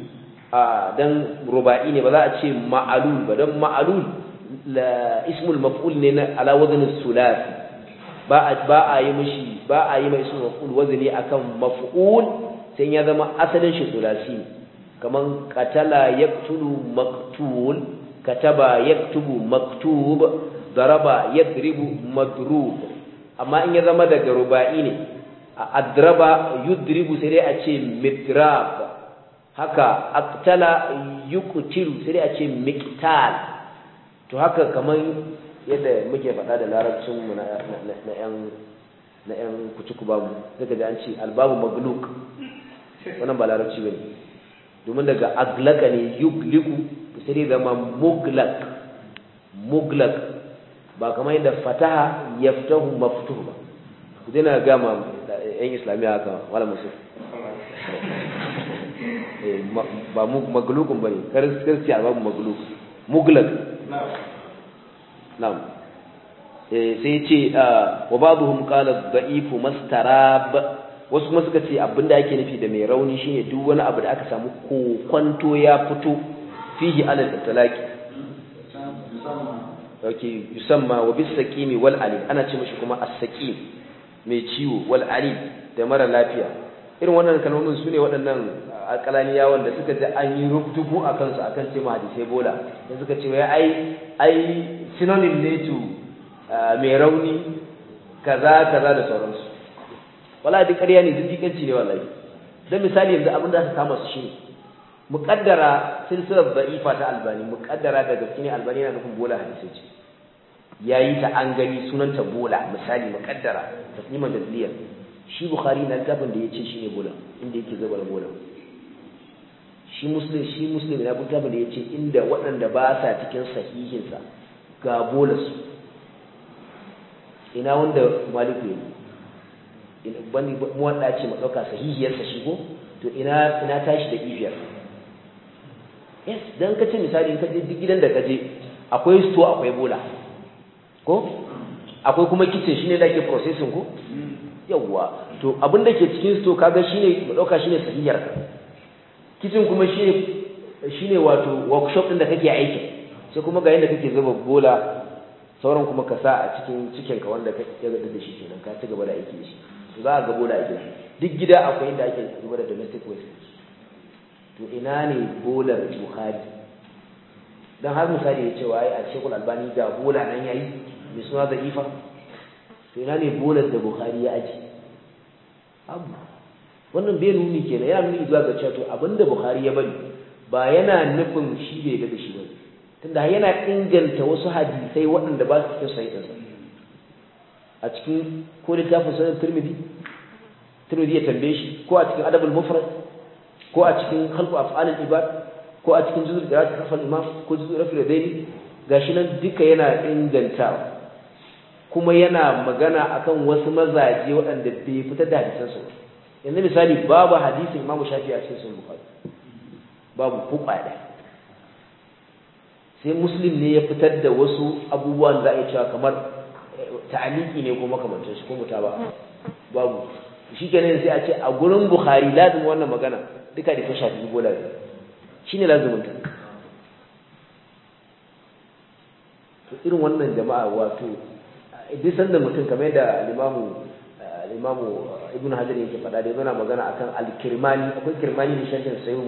don ruba'i ne ba za a ce ma'alul ba dan ma'alul la ismul maf'ul ne na ala wazn sulasi ba a ba a yi mishi ba a yi mai ismul maf'ul wazni akan maf'ul sai ya zama asalin shi sulasi kaman qatala yaqtulu maqtul kataba yaktubu maktub daraba yadribu madrub amma in ya zama daga ruba'i ne adraba yudribu sai dai a ce midrab haka aktala yuqtilu sai a ce miktal to haka kamar yadda muke faɗa da larabcin mu na yan na yan kutuku babu daga da an ce albabu magluk wannan ba larabci bane domin daga aglaka ne yugliku sai zama muglak muglak ba kamar yadda fataha yaftahu maftuh ba ku dena ga ma yan islamiya haka wala musu Eh, ba maglukun bane kiristi babu magluk muglak na'am eh, sai ce ah, wa babuhum qala da'if mastarab wasu kuma suka ce abinda ake nufi da mai rauni shine duk wani abu da aka samu ko kwanto ya fito fihi alal talaki okay yusamma wa bisakimi wal alil ana ce mishi kuma as-saqim mai ciwo wal alil da mara lafiya irin wannan kalmomin ne waɗannan alƙalaniya wanda suka ji an yi rubutu a kansu a kan ce hadisai bola da suka ce wai ai ai synonym ne to mai rauni kaza kaza da sauransu wala duk ƙarya ne duk dikanci ne wallahi dan misali yanzu abin da aka kama su sun muqaddara silsilar da'ifa ta albani muqaddara da gaske ne albani yana nufin bola hadisai ce yayi ta an gani sunanta bola misali muqaddara tasliman da shi bukhari na littafin da ya ce shi ne bola inda yake zabar bola shi muslim shi muslim ya buta bane yace inda waɗanda ba sa cikin sahihinsa ga bolus ina wanda maliku yayi ina bani wanda ce mu dauka sahihiyarsa shigo? to ina ina tashi da ifiyar yes dan ce misali in ka je gidan da ka je akwai sto akwai bola ko akwai kuma kitchen shine da ke processing ko hmm. yawwa to abin da ke cikin sto kaga shine mu dauka shine sahihiyar kicin kuma shi ne wato workshop din da kake aikin sai kuma ga yanda kake zuba bola sauran kuma ka sa a cikin cikin ka wanda ya gada da shi kenan ka ci gaba da aiki da shi to za a ga bola shi duk gida akwai inda ake zuba da domestic waste to ina ne bolar buhari dan har misali ya ce wai a shekul albani ga bola nan yayi mai suna da ifa to ina ne bolar da buhari ya aji abu wannan bai nuni kenan yana nuni zuwa ga cewa to abinda bukhari ya bari ba yana nufin shi bai ga shi ba. tunda yana inganta wasu hadisai waɗanda ba su cikin sahih ɗinsa a cikin ko littafin sunan tirmidhi tirmidhi ya tambaye shi ko a cikin adabul mufrad ko a cikin khalqu af'alil ibad ko a cikin juzul qira'at kafal imam ko juzul rafi radaini gashi nan duka yana ingantawa kuma yana magana akan wasu mazaje waɗanda bai fita da hadisansu ba yanzu misali babu hadisin imamu shafi a cikin sahih bukhari babu ko ɗaya sai muslim ne ya fitar da wasu abubuwan za a yi cewa kamar eh, ta'aliki ne ko makamantar shi ko mutaba babu shi kenan sai a ce a gurin bukhari lazim wannan magana duka da ta shafi gola ne shi ne lazimin ta to irin wannan jama'a wato duk sanda mutum kamar da limamu imamu ibn hajar yake faɗa da yana magana akan al-kirmani akwai kirmani da sharhin sahih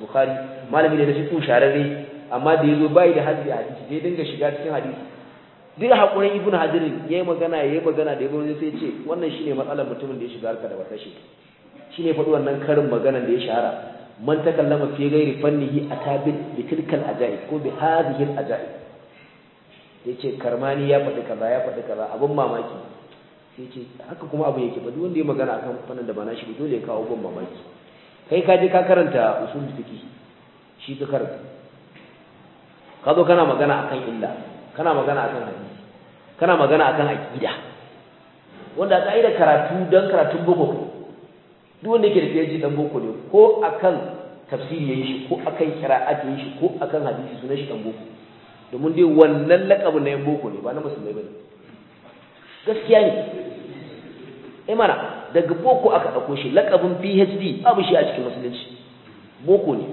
bukhari malami ne na share shararre amma da yazo bai da hadisi hadisi sai dinga shiga cikin hadisi duk hakurin ibn hajar yayi magana yayi magana da yazo sai ce wannan shine matsalar mutumin da ya shiga harka da wata shi shine faɗi wannan karin magana da ya shahara man takallama fi ghairi fannihi atabil bi tilkal ajaib ko bi hadhihi al ajaib yace karmani ya faɗi kaza ya faɗi kaza abun mamaki yace haka kuma abu yake ba duk wanda ya magana akan fannin da ba shi ba dole ya kawo ban mamaki kai ka ka karanta usul fiqh shi ka karanta ka zo kana magana akan illa kana magana akan hadisi kana magana akan aqida wanda a ka'idar karatu dan karatun boko duk wanda yake da PhD dan boko ne ko akan tafsiri yayin shi ko akan qira'at yayin shi ko akan hadisi sunan shi dan boko domin dai wannan lakabin na yan boko ne ba na musulmai bane gaskiya ne imara eh, daga boko aka ɗauko shi lakabin phd babu shi a cikin musulunci boko ne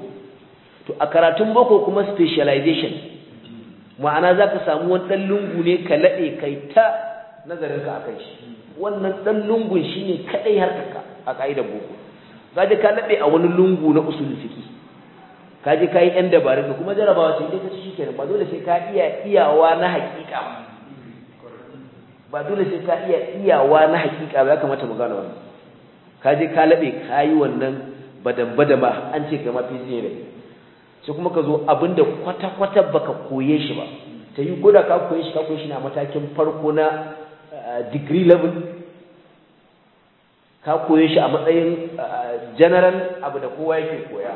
to a karatun boko kuma specialization ma'ana za ka samu wani dan lungu ne ka lade kai ta nazarin ka akan shi wannan dan lungun shine ne kaɗai ka a ƙa'idar boko ka je ka lade a wani lungu na usulul fiqh ka je ka yi ‘yan dabarun kuma jarabawa ce idan ka ci shi kenan ba dole sai ka iya iyawa na haƙiƙa ba dole sai ka iya iyawa na hakika ba ya kamata mu gane wannan ka je ka labe ka yi wannan badan ba an ce kai ma fiziye ne sai kuma ka zo abinda kwata kwata baka koye shi ba ta yi goda ka koye shi ka koye shi na matakin farko na eh, degree level ka koye shi a matsayin eh, general abu da kowa yake koya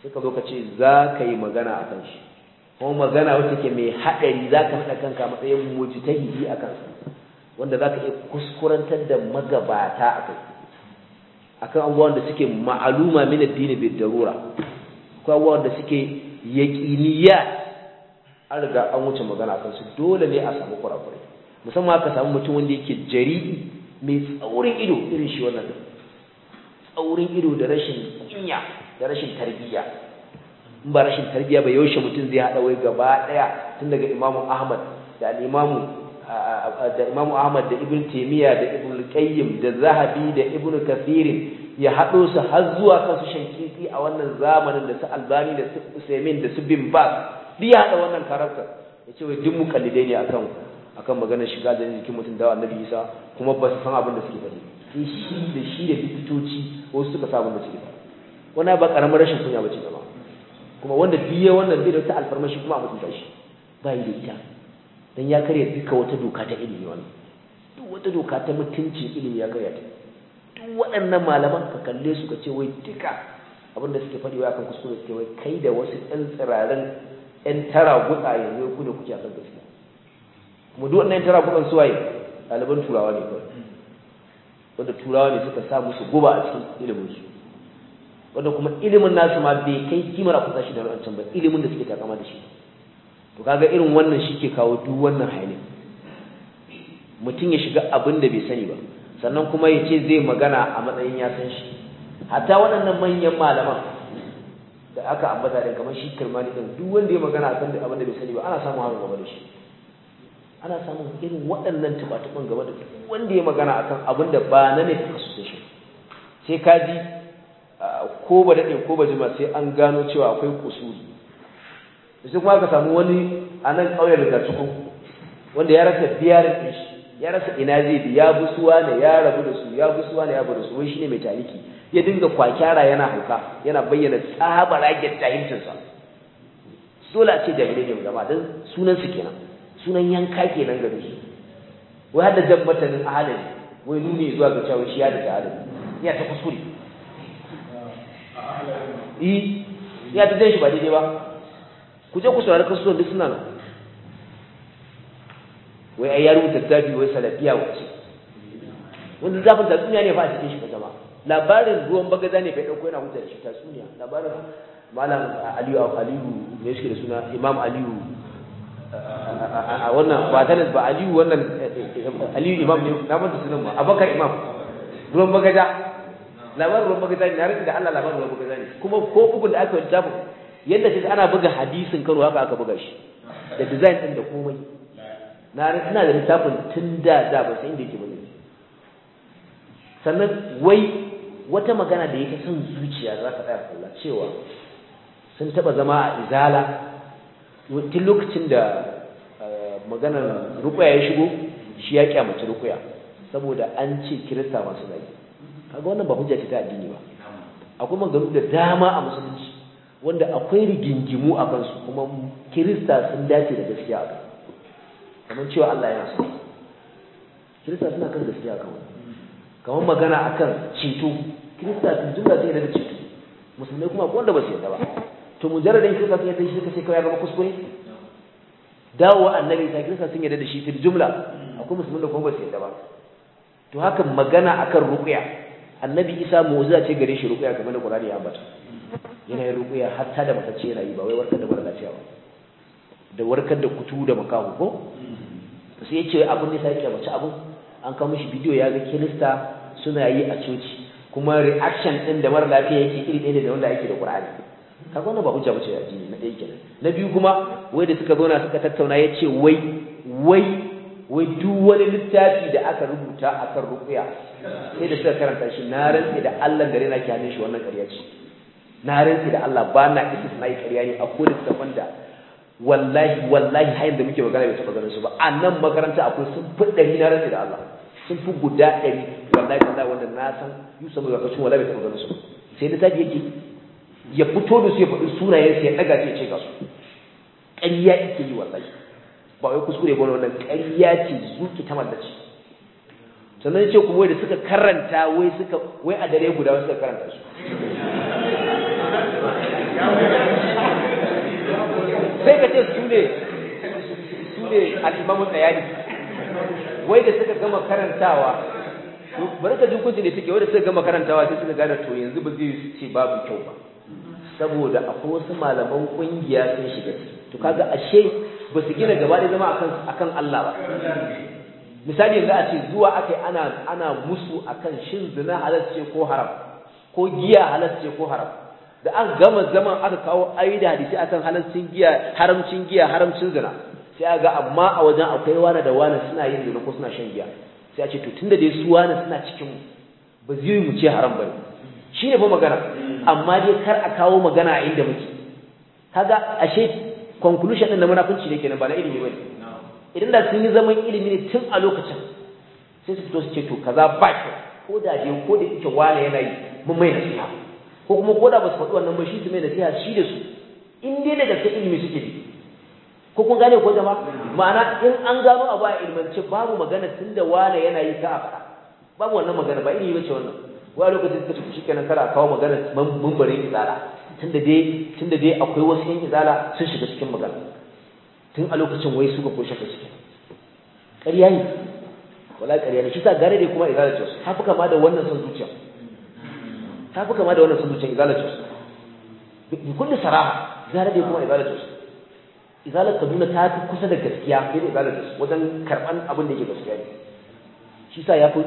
sai ka zo ka ce za ka yi magana a kan shi kuma magana wata ke mai haɗari za ka faɗa kanka matsayin mujtahidi a kansu wanda za ka iya kuskurantar da magabata a kai akan abubuwan da suke ma'aluma min addini bi darura akwai abubuwan da suke yaqiniya an riga an wuce magana kan su dole ne a samu kurakurai musamman ka samu mutum wanda yake jari'i mai tsaurin ido irin shi wannan tsaurin ido da rashin kunya da rashin tarbiyya in ba rashin tarbiyya ba yaushe mutum zai haɗa wai gaba ɗaya. tun daga imamu Ahmad da Alimamu. da Imam Ahmad da Ibn Taymiyyah da Ibn Qayyim da Zahabi da Ibn Kathir ya hado su har zuwa kan su shankiki a wannan zamanin da su Albani da su Usaymin da su Bin Baz duk ya hada wannan karakter yace wai duk mukallidai ne akan akan maganar shiga da jikin mutum da Annabi Isa kuma ba su san abin da suke bane sai shi da shi da likitoci ko suka sa abin da suke wannan ba karamar rashin kunya bace ba kuma wanda biye wannan bai da ta alfarmashi kuma a mutunta shi bai da ita dan ya karya duka wata doka ta ilimi wani duk wata doka ta mutunci ilimi ya karya ta duk waɗannan malaman ka kalle su ka ce wai duka abin da suke faɗi wai akan kuskure suke wai kai da wasu ɗan tsirarin ɗan tara gutsa yanzu ku da kuke akan gaskiya kuma duk wannan tara gutsan su waye ɗaliban turawa ne kawai wanda turawa ne suka sa musu guba a cikin ilimin su wanda kuma ilimin nasu ma bai kai kimar a kusa shi da wancan ba ilimin da suke takama da shi to kaga irin wannan shi ke kawo duk wannan haini mutum ya shiga abin da bai sani ba sannan kuma ya ce zai magana a matsayin ya san shi hatta waɗannan manyan malaman da aka ambata da kamar shi kirmani din duk wanda ya magana da abin da bai sani ba ana samun harin gaba da shi ana samun irin waɗannan tubatuban gaba da duk wanda ya magana akan abin da ba na ne ka su shi sai kaji ko ba daɗe ko ba jima sai an gano cewa akwai kusuri sai kuma aka samu wani a nan ƙauyen rigacikun wanda ya rasa biyar ɗin shi ya rasa ina zai bi ya busuwa ne ya rabu da su ya busuwa ne ya rabu da su wai shine mai taliki ya dinga kwakyara yana hauka yana bayyana tsaba ragen jahilcinsa dole a ce jahilai ne gaba don sunan su kenan sunan yanka kenan gare su wai hada da jabbatanin ahalin wai nuni zuwa ga cewa shi ya da ahalin ya ta kuskure eh ya ta dan shi ba daidai ba ku je ku saurari kasuwan duk suna nan wai ai yaro ta tabi wai salafiya wace wanda zafin ta tatsuniya ne ba a cikin shi ba zama labarin ruwan bagaza ne bai ɗauko yana wuce shi ta tatsuniya labarin malam aliyu aliyu me shi da suna imam aliyu a wannan ba ta ba aliyu wannan aliyu imam ne na manta sunan ba abakar imam ruwan bagaza labarin ruwan bagaza ne na rinka da Allah labarin ruwan bagaza ne kuma ko bugun da aka yi littafin yadda kaga ana buga hadisin karo haka aka buga shi da design din da komai na ina da littafin tun da da ba sai inda yake bane sannan wai wata magana da yake son zuciya za ka tsaya kalla cewa sun taba zama a izala tun lokacin da eh, maganar rukuya ya shigo shi ya kyamaci rukuya saboda an ce kirista masu zagi kaga wannan ba hujja ta addini ba akwai maganganu da dama a musulunci wanda akwai rigingimu a kansu kuma kirista sun dace da gaskiya akan kamar cewa Allah yana so kirista suna kan gaskiya akan wani kamar magana akan ceto kirista sun jumla sai da ceto musulmai kuma wanda ba su yadda ba to mujarradin kirista sun yadda shi ce kawai ya kuskure dawo annabi ta kirista sun yarda da shi fil jumla akwai musulmai da kuma ba su yadda ba to haka magana akan ruqya annabi isa mu'jiza ce gare shi ruqya kamar da Qur'ani ya ambata yana yin rukuya hatta da matacce yana yi ba wai warkar da mara lafiya ba da warkar da kutu da makahu ko sai ya ce abin nisa yake mace abin an kawo mishi bidiyo ya ga kirista suna yi a coci kuma reaction din da mara lafiya yake iri ɗaya da wanda yake da qur'ani kaga wannan ba hujja bace addini na ɗaya kenan na biyu kuma wai da suka zauna suka tattauna ya ce wai wai wai duk wani littafi da aka rubuta akan rukuya sai da suka karanta shi na rantse da Allah gare na ke hannun shi wannan ƙarya ce na rinse da Allah ba na isa na yi ƙarya ne a kodin tafan da wallahi wallahi hayan da muke magana bai taɓa ganin su ba a nan makaranta akwai sun fi ɗari na rinse da Allah sun fi guda ɗari wallahi ta wanda na san Yusuf mai zakacin wallahi bai taɓa ganin su sai da tafi yake ya fito da su ya faɗi sunayen su ya ɗaga ya ce ga su ƙarya ike yi wallahi ba wai kuskure ba wannan ƙarya ce zuki ta mallaci sannan ce kuma wai da suka karanta wai suka wai a dare guda suka karanta su sai ka ce su ne su ne al'imamu tsayani wai da suka gama karantawa bari ka jin kunci ne suke wai da suka gama karantawa sai suka gane to yanzu ba zai ce babu kyau ba saboda akwai wasu malaman kungiya sun shiga to kaga ashe ba su gina gaba da zama akan Allah ba misali yanzu a ce zuwa aka ana ana musu akan shin zina halal ce ko haram ko giya halal ce ko haram da aka gama zaman aka kawo aida da shi akan halaccin giya haramcin giya haramcin zina sai a ga amma a wajen akwai wani da wani suna yin zina ko suna shan giya sai a ce to tunda dai su wani suna cikin ba zai mu ce haram bane shi ne fa magana amma dai kar a kawo magana a inda muke kaga ashe conclusion din na munafunci ne kenan ba na ilimi bane idan da sun yi zaman ilimi ne tun a lokacin sai su fito su ce to kaza ba ko da dai ko da yake wani yana yi mun mai nasiha ko kuma ko da ba su faɗi wannan ba shi su mai nasiha shi da su in dai da gaske ilimi suke bi ko kun gane ko jama'a ma'ana in an gano abu a ilmance babu magana tun da wane yana yi ka a faɗa babu wannan magana ba ilimi bace wannan wa lokacin suka tafi kenan kada kawo magana mambarin izala da dai da dai akwai wasu yan izala sun shiga cikin magana tun a lokacin wai suka ko shaka cikin ƙarya ne wala ƙarya ne shi ta gare dai kuma izala ce su hafi kama da wannan son zuciya ta fi kama da wannan sun zuciyar izalar jos bi kulli saraha izalar ya kuma izalar jos izalar kaduna ta fi kusa da gaskiya fiye da izalar wajen karɓan abin da yake gaskiya ne shi sa ya fi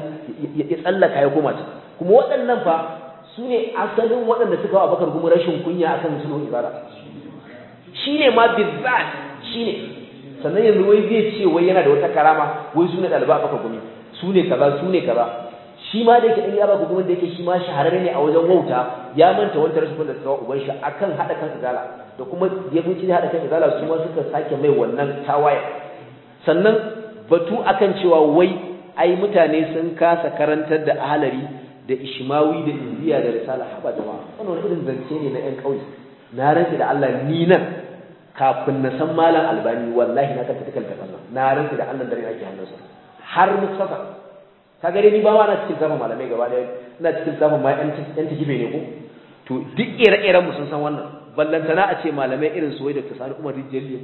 ya tsallaka ya koma ta kuma waɗannan fa su ne asalin waɗanda suka wa bakar kuma rashin kunya akan sunan izala shi ne ma bizzat shi ne sannan yanzu wai zai ce wai yana da wata karama wai su ne a bakar gumi su ne kaza su ne kaza shi ma da yake dan ya ko kuma da yake shi ma shahararre ne a wajen wauta ya manta wanta rashin da tsawa uban shi akan hada kan izala da kuma ya da hada kan izala su ma suka sake mai wannan tawaye sannan batu akan cewa wai ai mutane sun kasa karantar da ahalari da ishmawi da indiya da risala haba jama'a wannan irin zance ne na yan kauye na rantsi da Allah ni nan kafin na san malam albani wallahi na kanta kalta na rantsi da Allah rai ake hannunsa har mutsafa ka dai ni ba ma na cikin samun malamai gaba da ina cikin samun ma yan takibe ne ko to duk ire-iren mu sun san wannan ballantana a ce malamai irin su wai da Sani Umar Rijaliya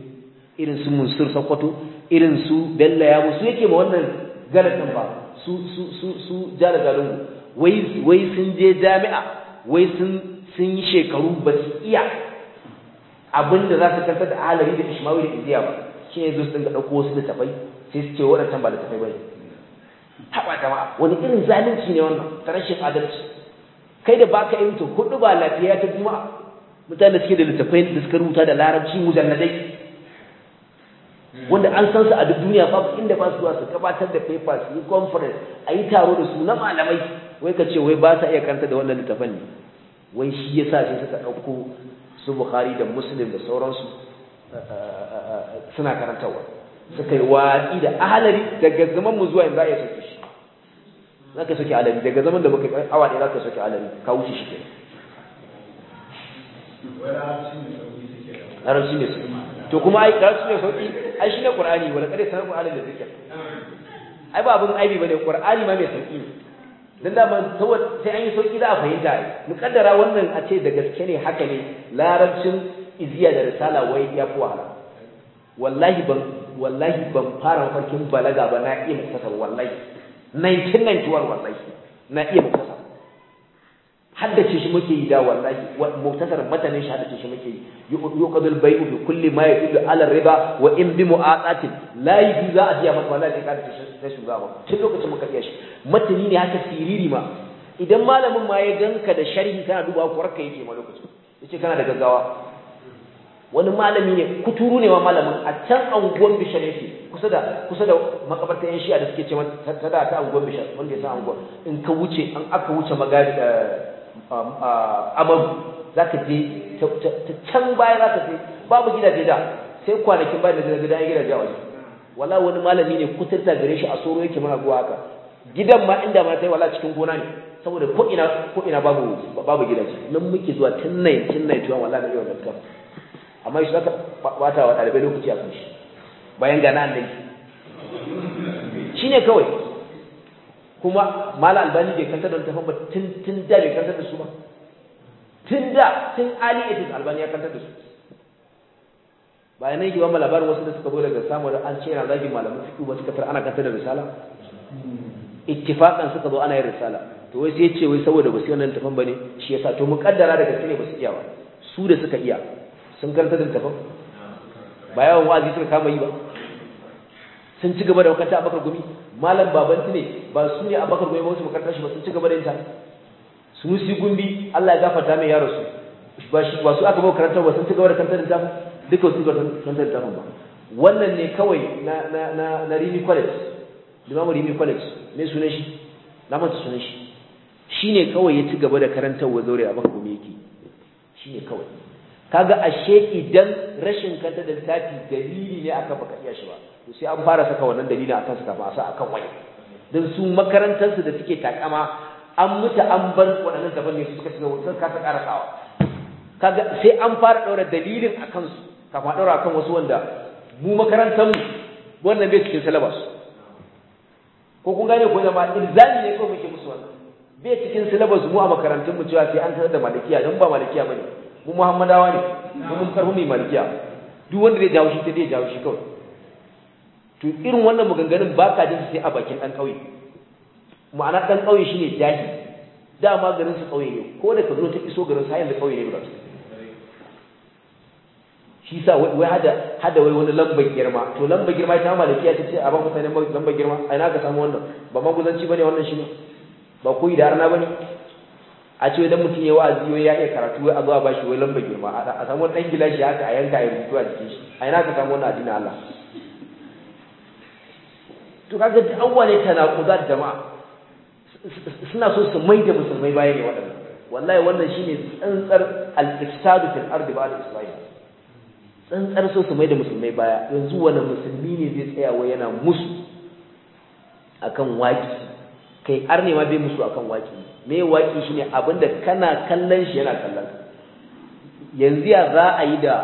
irin su Mansur Sokoto irin su Bello ya su yake ma wannan galatin ba su su su su jara garin wai wai sun je jami'a wai sun sun yi shekaru ba su iya abinda za su kanta da alari da Ishmawi da Iziya ba shi ne zuwa sun ga ɗauko wasu da tafai sai su ce waɗancan ba da tafai ba ne haɓa jama'a wani irin zalunci ne wannan ta rashin adalci kai da baka yin to hudu ba lafiya ta juma'a mutane suke da littafai da suka rubuta da larabci mujalladai wanda an san su a duk duniya babu inda ba su zuwa su gabatar da papers, su yi conference a yi taro da su na malamai wai ka ce wai ba sa iya karanta da wannan littafan ne wai shi ya sa sai suka ɗauko su bukhari da muslim da sauransu eh, eh, eh, suna karantarwa suka yi watsi da ahalari daga zaman mu zuwa yanzu a iya sauke za ka soke alami daga zaman da baka awa ɗaya za ka soke alami ka wuce shi kenan larabci ne sauki to kuma ai larabci ne sauki ai shi ne qur'ani wala kada sanar qur'ani da zikir ai ba abin aibi bane qur'ani ma mai sauki ne dan da man sai an yi sauki za a fahimta ai mukaddara wannan a ce da gaske ne haka ne larabcin iziya da risala wai ya fi wahala wallahi ban wallahi ban fara farkin balaga ba na iya mutaka wallahi 1991 wallahi na iya muktasar haddace shi muke yi da wallahi muktasar matanin shi haddace shi muke yi yuqadul bai'u bi kulli ma yafidu ala riba wa in bi mu'aqatin la yafi za a biya masa wallahi sai ka haddace sai shi ba tun lokacin muka biya shi matani ne haka siriri ma idan malamin ma ya ganka da sharhi kana duba ko raka yake ma lokacin yace kana da gaggawa wani malami ne kuturu ne wa malamin a can anguwan bishar yake kusa da kusa da makabarta yan shi'a da suke cewa ta da ta anguwan bishar wanda ya san anguwa in ka wuce an aka wuce magari eh, eh, eh, amaru za ka je ta can baya za ka je babu gidaje da sai kwanakin bayan da gida ya gidaje a waje wala wani malami ne kuturta gare shi a soro yake mana guwa haka gidan ma inda ma sai wala cikin gona ne saboda ko ina ko ina babu babu gidaje nan muke zuwa tun 1991 wallahi da yau da amma shi zaka bata wa dalibai lokaci a kan shi bayan gana dai shine kawai kuma mala albani bai kanta don tafa tun tun da bai kanta da su ba tun da tun ali idris albani ya kanta da su bayan nan giwa labarin wasu da suka zo daga samu da an ce yana zagin malamin fiqh ba suka tar ana kanta da risala ittifaqan suka zo ana yin risala to wai sai ya ce wai saboda ba su wannan tafan ne shi yasa to muƙaddara daga gaske ne ba su iya ba su da suka iya sun karanta littafin ba yawan wa'azi suka kama yi ba sun ci gaba da a Bakar gumi malam babanti ne ba su ne a Bakar gumi ba wasu makarta shi ba sun ci gaba da yin ta nusi gumbi Allah ya gafarta mai yaro su ba shi ba su aka bau karantar ba sun ci gaba da karantar da duka su da karantar da ba wannan ne kawai na na na na Rimi College Limamu Rimi College me sunan shi na su sunan shi shine kawai ya ci gaba da karantar wa zaure a Bakar gumi yake shine kawai kaga ashe idan rashin kanta da littafi dalili ne aka baka iya shi ba to sai an fara saka wannan dalilin akan su kafin a sa akan wani dan su su da suke takama an mutu an bar waɗannan daban ne su suka shiga wasu kasa karasawa kaga sai an fara ɗaura dalilin akan su kafin a ɗaura akan wasu wanda mu makarantar mu wannan bai cikin syllabus ko kun gane ko zama ilzami ne ko muke musu wannan bai cikin syllabus mu a makarantun mu cewa sai an sanar da malikiya don ba malikiya bane mu muhammadawa ne mu mun karbu mai malikiya duk wanda zai jawo shi sai zai jawo shi kawai to irin wannan maganganun ba ka jin sai a bakin dan kauye ma'ana dan kauye shine jahi dama garin su kauye ne ko da ka zo ta iso garin sa da kauye ne ba shi sa wai hada hada wai wani lambar girma to lambar girma ta malakiya ta ce a ban mutane lambar girma ai na ka samu wannan ba maguzanci bane wannan shi ba koyi da arna bane a ce idan mutum ya wa'azi wai ya iya karatu a zuwa bashi wai lamba girma a samu wani ɗan gilashi haka a yanka ya rubutu a jikin shi a yana ka samu wannan addini Allah to kaga duk an wane tanakuza jama'a suna so su mai da musulmai baya ne waɗannan wallahi wannan shine tsantsar al-ifsadu fil ardi ba'da islahi tsantsar so su mai da musulmai baya yanzu wani musulmi ne zai tsaya wai yana musu akan waki kai har ne ma bai musu akan waki me waki shine abinda kana kallon shi yana kallon yanzu ya za a yi da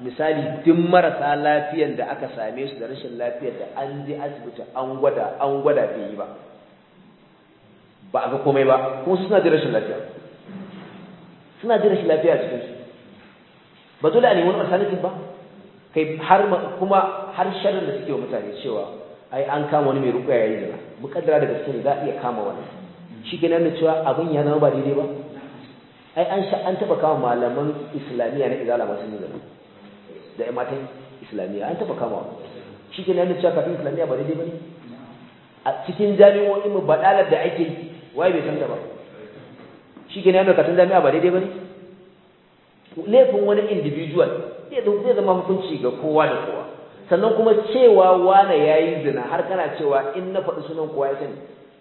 misali duk marasa lafiyan da aka same su da rashin lafiyar da an je asibiti an gwada an gwada bai yi ba ba a ga komai ba kuma suna da rashin lafiya suna da rashin lafiya a cikin su ba dole a nemi wani alternative ba kai har kuma har sharrin da suke wa mutane cewa ai an kama wani mai rukuya yayin zina mukaddara da gaske ne za a iya kama wani shi ke nan cewa abin ya zama ba daidai ba ai an sha an taba kama malaman islamiyya na izala masu yin zina da ya matan islamiyya an taba kama shi ke nan cewa kafin islamiyya ba daidai ba ne a cikin jami'o'in mu badalar da ake yi bai san da ba shi ke nan katun jami'a ba daidai ba ne laifin wani individual zai zama hukunci ga kowa da kowa sannan kuma cewa wane ya yi zina har kana cewa in na faɗi sunan kowa ya sani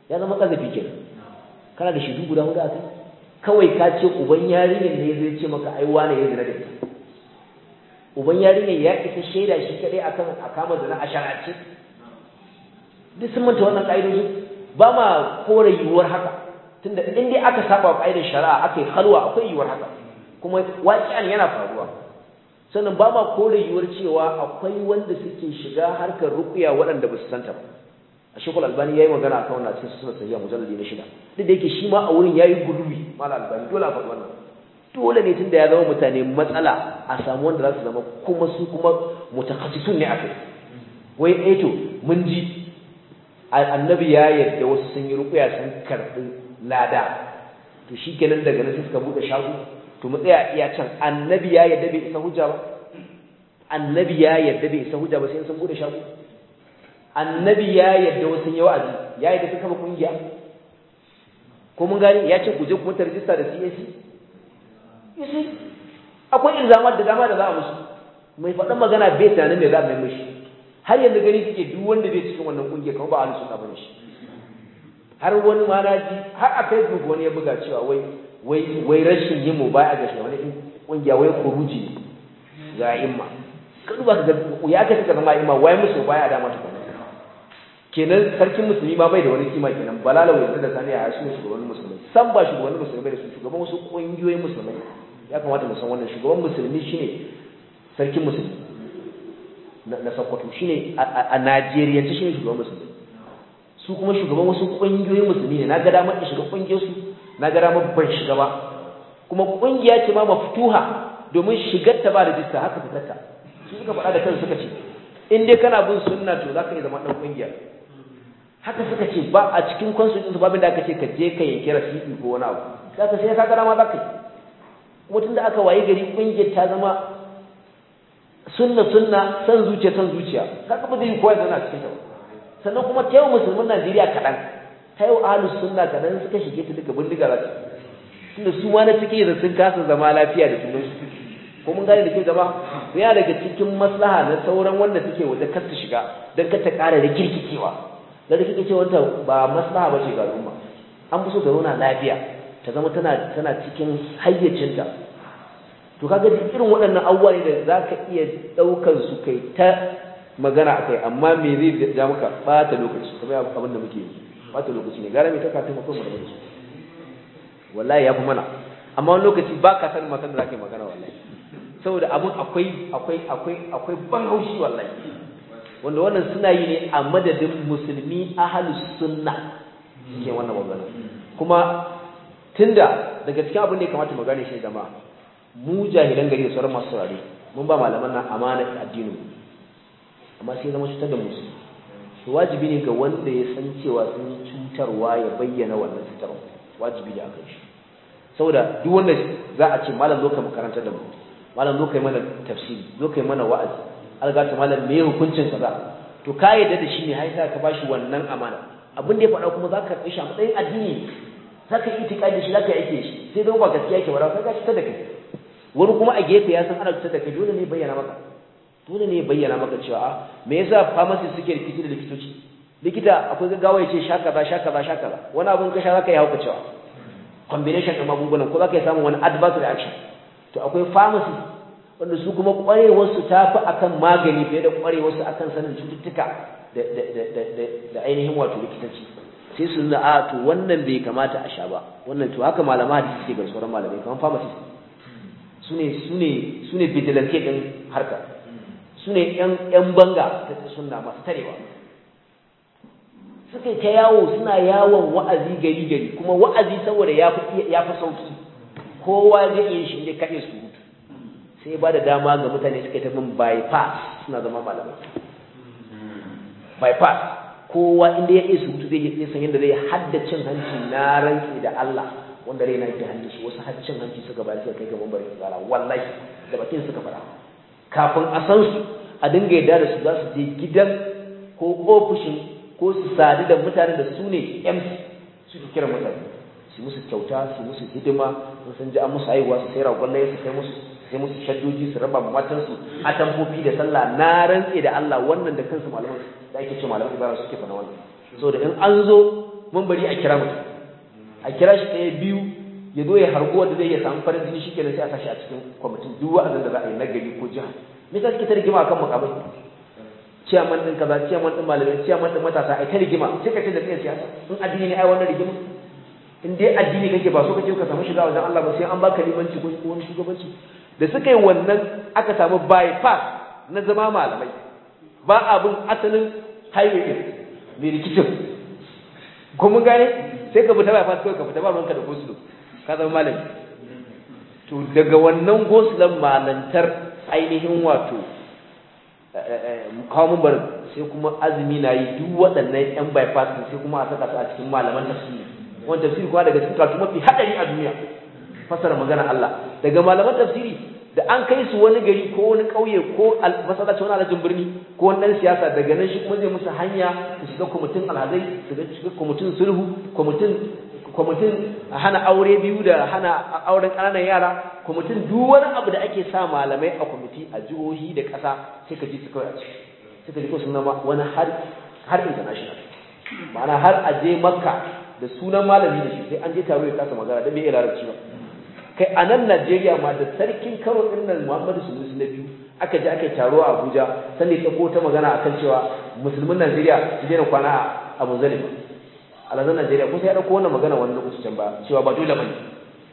ya zama ƙarfi ke kana da shidu guda hudu a kai kawai ka ce uban yarinyar ne zai ce maka ai wane ya zina da ita uban yarinyar ya isa shaida shi kaɗai akan a kama zina a shara'ace duk sun manta wannan ƙa'idoji ba ma kore yiwuwar haka tunda in dai aka saba ƙa'idar shari'a aka yi halwa akwai yiwuwar haka kuma waƙi'an yana faruwa sannan ba ma kore yiwuwar cewa akwai wanda suke shiga harkar rukuya waɗanda ba su santa ba a shekul albani ya yi magana a kawon nasu suna sahiya mujallali na shida duk da yake shi ma a wurin ya yi guduri mala albani dole a faɗi wannan dole ne tunda ya zama mutane matsala a samu wanda za su zama kuma su kuma mutakasitun ne a kai wai eto eh mun ji annabi ya yarda wasu sun yi rukuya sun karɓi lada to shi kenan daga nan suka buɗe shago to mu tsaya iya can annabi ya yadda bai isa hujja ba annabi ya yadda bai isa hujja ba sai sun bude shago annabi ya yadda wasu yi wa'azi ya yadda suka kama kungiya ko mun gani ya ce ku je ku mutar da CAC yasi akwai ilzamar da dama da za a musu mai faɗin magana bai tunanin mai za a mai mishi har yanzu gani suke duk wanda bai cikin wannan kungiyar kuma ba a nusu na bane shi har wani ma na ji har a facebook wani ya buga cewa wai wai rashin yin mubaya ga ɗin kungiya wai kuruji ga imma ka ba ka ya ka ka zama imma wai musu baya da mata kenan sarkin musulmi ma bai da wani kima kenan balala wai da sani ya shi shugaban musulmi san ba shugaban musulmi da su shugaban wasu ƙungiyoyin musulmi ya kamata mu san wannan shugaban musulmi shine sarkin musulmi na Sokoto shine a Najeriya shine shugaban musulmi su kuma shugaban wasu ƙungiyoyin musulmi ne na ga damar shiga ƙungiyoyin su na gara mabban ban shiga ba kuma kungiya ce ma maftuha domin shigar ta ba rajista haka fitar ta su suka faɗa da kansu suka ce in dai kana bin sunna to za ka iya zama ɗan kungiya haka suka ce ba a cikin constitution su babin da aka ce ka je ka yanke rasiki ko wani abu za ka sai ka gara ma za ka yi kuma tunda aka waye gari kungiyar ta zama sunna sunna san zuciya san zuciya kaka ba zai yi kowa zana cikin ta sannan kuma taiwa musulmin Najeriya kaɗan ta yau ahlus sunna kadan suka shige ta duka bindiga za ta tunda su ma na cike da sun kasa zama lafiya da sunan su ko mun gane da ke gaba ya daga cikin maslaha na sauran wanda suke waje kar ta shiga dan kar ta ƙara da kirkicewa da cewa ta ba maslaha ba ce ga al'umma an fi so ta zauna lafiya ta zama tana tana cikin hayyacinta to kaga irin waɗannan abubuwa da za ka iya ɗaukar su kai ta magana akai amma me zai ja maka ɓata lokaci kamar abin da muke yi wato lokaci ne gara mai ta kafin akwai da su wallahi ya fi mana amma wani lokaci ba ka san matan da zaka yi magana wallahi saboda abun akwai akwai akwai akwai ban haushi wallahi wanda wannan suna yi ne a madadin musulmi ahlus sunna ke wannan magana kuma tunda daga cikin abin da ya kamata magana gane shi ma mu jahilan gari da sauran masu saurare mun ba malaman nan amana addinin amma sai zama cutar da musulmi wajibi ne ga wanda ya san cewa sun yi cutarwa ya bayyana wannan cutar wajibi ne akan shi saboda duk wanda za a ce malam zo makarantar da mu malam zo mana tafsiri zo mana wa'azi algata malam me hukuncin za, to ka yadda da shi ne har sai ka bashi wannan amana abin da ya faɗa kuma za karɓi shi a matsayin addini ka yi itikadi shi ka yake shi sai dai ba gaskiya yake ba ka ga ta da kai wani kuma a gefe ya san ana cutar da kai dole ne bayyana maka dole ne ya bayyana maka cewa ah, me yasa pharmacy suke rikici da likitoci likita akwai gaggawa ya ce sha kaza sha kaza sha kaza wani abun ka sha zaka yi hauka cewa combination da magungunan ko zaka yi samun wani adverse reaction to akwai pharmacy wanda su kuma kwarewar su tafi akan magani fiye da kwarewar su akan sanin cututtuka da ainihin wato likitanci sai su nuna a ah, to wannan bai kamata a sha ba wannan to haka malama da suke ga sauran malamai kamar pharmacy su ne su ne su ne ɗin harkar su ne ‘yan banga ta suna masu tarewa suka ta yawo suna yawon wa'azi gari gari kuma wa'azi saboda ya fi sauki kowa zai iya shi ne kaɗe su mutu sai ba da dama ga mutane suka tafi bypass suna zama malamai bypass kowa inda ya iya su zai iya san yadda zai haddacin hanci na ranke da Allah wanda na yake hannu shi wasu haddacin hanci suka bayar suka kai gaban bari wallahi da bakin suka fara kafin a san su a dinga yadda da su za su je gidan ko ofishin ko su sadu da mutane da su ne MC su ke kira mutane su musu kyauta su musu hidima su san ji an musu haihuwa su sai ragwallaye su kai musu sai musu shaddoji su raba matansu a tamfofi da sallah na rantse da Allah wannan da kansu malaman da ake ce malaman ibara suke fana wannan so da in an zo mun bari a kira mutum a kira shi ɗaya biyu ya zo ya harbu wanda zai ya samu farin jini shi kenan sai a sashi a cikin kwamitin duk wa'azin da za a yi na gari ko jiha me za su ke ta rigima akan makamai ciyaman ɗin kaza ciyaman ɗin malamai ciyaman ɗin matasa ai ta rigima sai ka ce da tsayin siyasa in addini ne ai wannan rigima in dai addini kake ba so kake ka samu shiga wajen Allah ba sai an baka limanci ko wani shugabanci da suka yi wannan aka samu bypass na zama malamai ba abin asalin highway ɗin mai rikicin kuma mun gane sai ka fita bypass kawai ka fita ba ruwanka da gosulo ka zama malam? to daga wannan goslan malantar ainihin wato eh, eh, eh, kawo barin sai kuma azumi na yi duk waɗannan yan bypass sai kuma a saka su a cikin malaman tafsiri wanda tafsiri kuma daga cikin karatu mafi haɗari a duniya fasara magana Allah daga malaman tafsiri da an kai su wani gari ko wani ƙauye ko ce wani alhajin birni ko wani ɗan siyasa daga nan shi kuma zai musu hanya su shiga kwamitin alhazai su shiga kwamitin sulhu kwamitin kwamitin hana aure biyu da hana auren ƙananan yara kwamitin duk wani abu da ake sa malamai a kwamiti a jihohi da ƙasa sai ka ji su kawai a ciki sai ka ji ko suna nama wani har har international ma'ana har a je makka da sunan malami da shi sai an je taro ya kasa magana da bai iya larabci ba kai a nan najeriya ma da sarkin karo ɗin nan muhammadu sunusi na biyu aka je aka taro a abuja sannan ya ta magana akan cewa musulmin najeriya su daina kwana a muzalifa alazan Najeriya kusa ya dauko wannan magana wani lokaci can ba cewa ba dole bane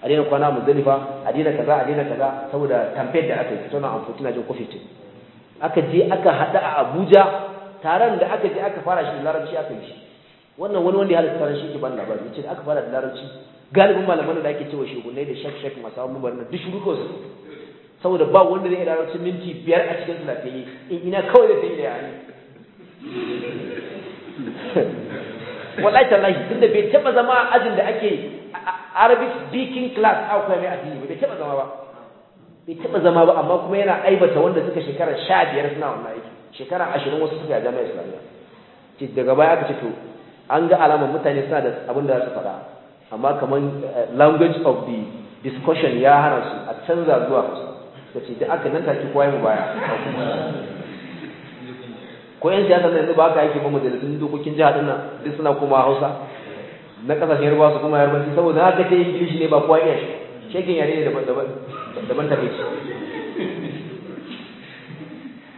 a daina kwana muzdalifa a daina kaza a daina kaza saboda tambayar da aka yi tana amfani fitina jin kofi ce aka je aka hada a Abuja taron da aka je aka fara shi da larabci aka yi shi wannan wani wanda ya halatta taron shi ke ban labari yace da aka fara da larabci galibin malaman da ake cewa shugunai da shek shek masu hawan mubar duk shuru su saboda ba wanda zai larabci minti biyar a cikin su in ina kawai da dai da yare wallahi tallahi tunda bai taba zama ajin da ake Arabic speaking class a kuma mai addini bai taba zama ba bai taba zama ba amma kuma yana aibata wanda suka shekara 15 suna wannan aiki shekara 20 wasu suka mai islamiya ce daga baya aka ce to an ga alamar mutane suna da abin da za su faɗa amma kamar eh, language of the discussion ya hana su a canza zuwa Hausa kace da aka nan take kowa mu baya ko yan siyasa da yanzu ba ka yake ba majalisun dokokin jiha din nan duk suna koma Hausa na kasashen Yarbawa su kuma Yarbanci saboda haka ce English ne ba kowa iya shi shekin yare ne daban daban daban tafi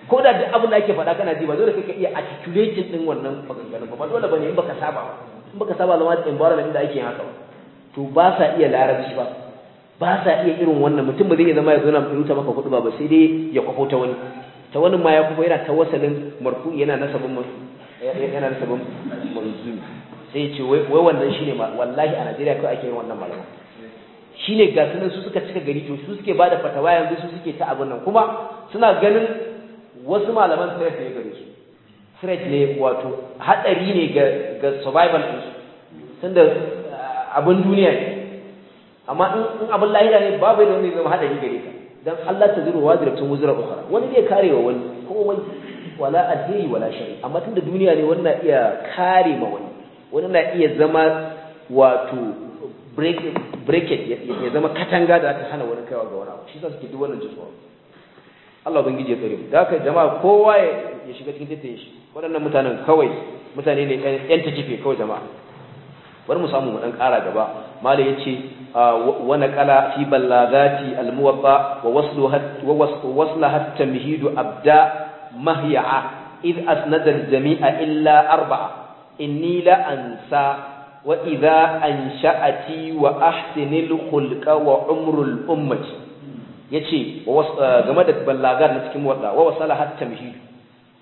ko da duk abin da ake faɗa kana ji ba dole kake iya articulating din wannan maganganun ba ba ne bane in baka saba ba in baka saba zama environment da ake yin haka ba to ba sa iya larabci ba ba sa iya irin wannan mutum ba zai zama ya zo na rubuta maka kuɗi ba sai dai ya kwafo ta wani wani ma ya kuma yana tawasalin marfu yana nasabin marfu yana nasabin manzumi sai ce wai wannan shine wallahi a Najeriya kai ake yin wannan malama shine ga sunan su suka cika gari to su suke bada fatawa yanzu su suke ta abin nan kuma suna ganin wasu malaman threat ne gare su threat ne wato hadari ne ga ga survival din su tunda abin duniya ne amma in abin lahira ne babu yadda wani zama hadari gare ka dan Allah ta zuru waziratun wuzra ukhra wani zai kare wa wani komai wala alheri wala shay amma tunda duniya ne wani na iya kare ma wani wani na iya zama wato it ya zama katanga da aka hana wani kaiwa ga wani abu shi sa suke duk wannan jisuwa Allah ban gije kare mu da haka jama'a kowa ya shiga cikin tattayin shi waɗannan mutanen kawai mutane ne yan tajife kawai jama'a bari mu samu mu dan ƙara gaba malai yace آه، ونقل في بلاغات الموطا ووصلها التمهيد ابدا مهيعه اذ اسند الجميع الا اربعه اني لا انسى واذا انشاتي واحسن الخلق وعمر الامه yace game da ballagar na cikin wadda wa wasalaha tamhid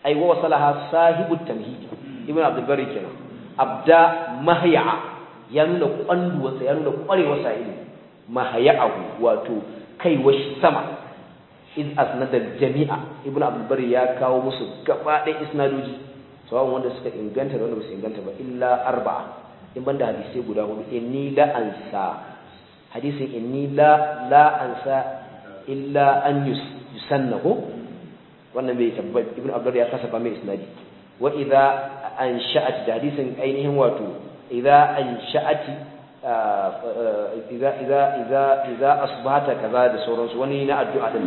ai wa wasalaha sahibu tamhid ibn abdul bari kenan abda mahya'a ya nuna kwanduwarsa ya nuna kwarewarsa ilimi abu wato kai washi sama iz asnada jami'a Ibn abdul ya kawo musu gaba ɗaya isnadoji sawan wanda suka inganta da wanda su inganta ba illa arba'a in ban da hadisai guda hudu inni la ansa hadisin inni la la ansa illa an ko? wannan bai tabbata Ibn abdul ya kasa ba mai isnadi wa idza ansha'at hadisin ainihin wato idza ansha'ati idza idza idza idza asbahata kaza da sauransu wani na addu'a din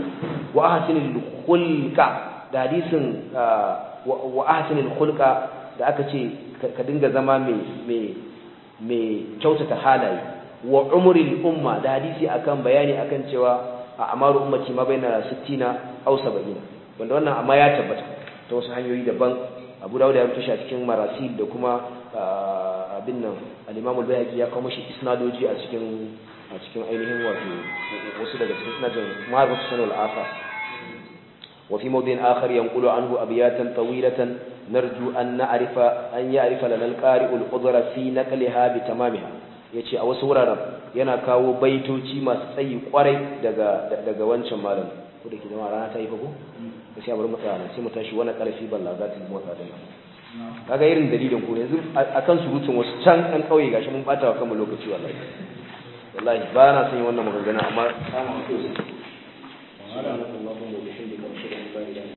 wa ahsinil khulqa da hadisin wa ahsinil khulqa da aka ce ka dinga zama mai mai mai kyautata halaye wa umril umma da hadisi akan bayani akan cewa a amaru ummati ma baina 60 aw 70 wanda wannan amma ya tabbata ta wasu hanyoyi daban Abu da ya rubuta shi cikin marasil da kuma abin nan alimamul imam ya kawo shi isnadoji a cikin a cikin ainihin wato wasu daga cikin isnadin ma'rifatu sanal asar wa fi mawdin akhar yanqulu anhu abiyatan tawilatan narju an na'rifa an ya'rifa lana al-qari'u al-udra fi naqliha bi tamamiha yace a wasu wuraren yana kawo baitoci masu tsayi kwarai daga daga wancan malam. ko da ke rana ta yi fago a bari mu tsaya sai mu tashi wani karfi ballazatul motsa kaga irin dalilin ku yanzu akan surutun wasu can ɗan ƙauye gashi mun bata wa kanmu lokaci wallahi wallahi ba na son yi wannan maganganu amma samun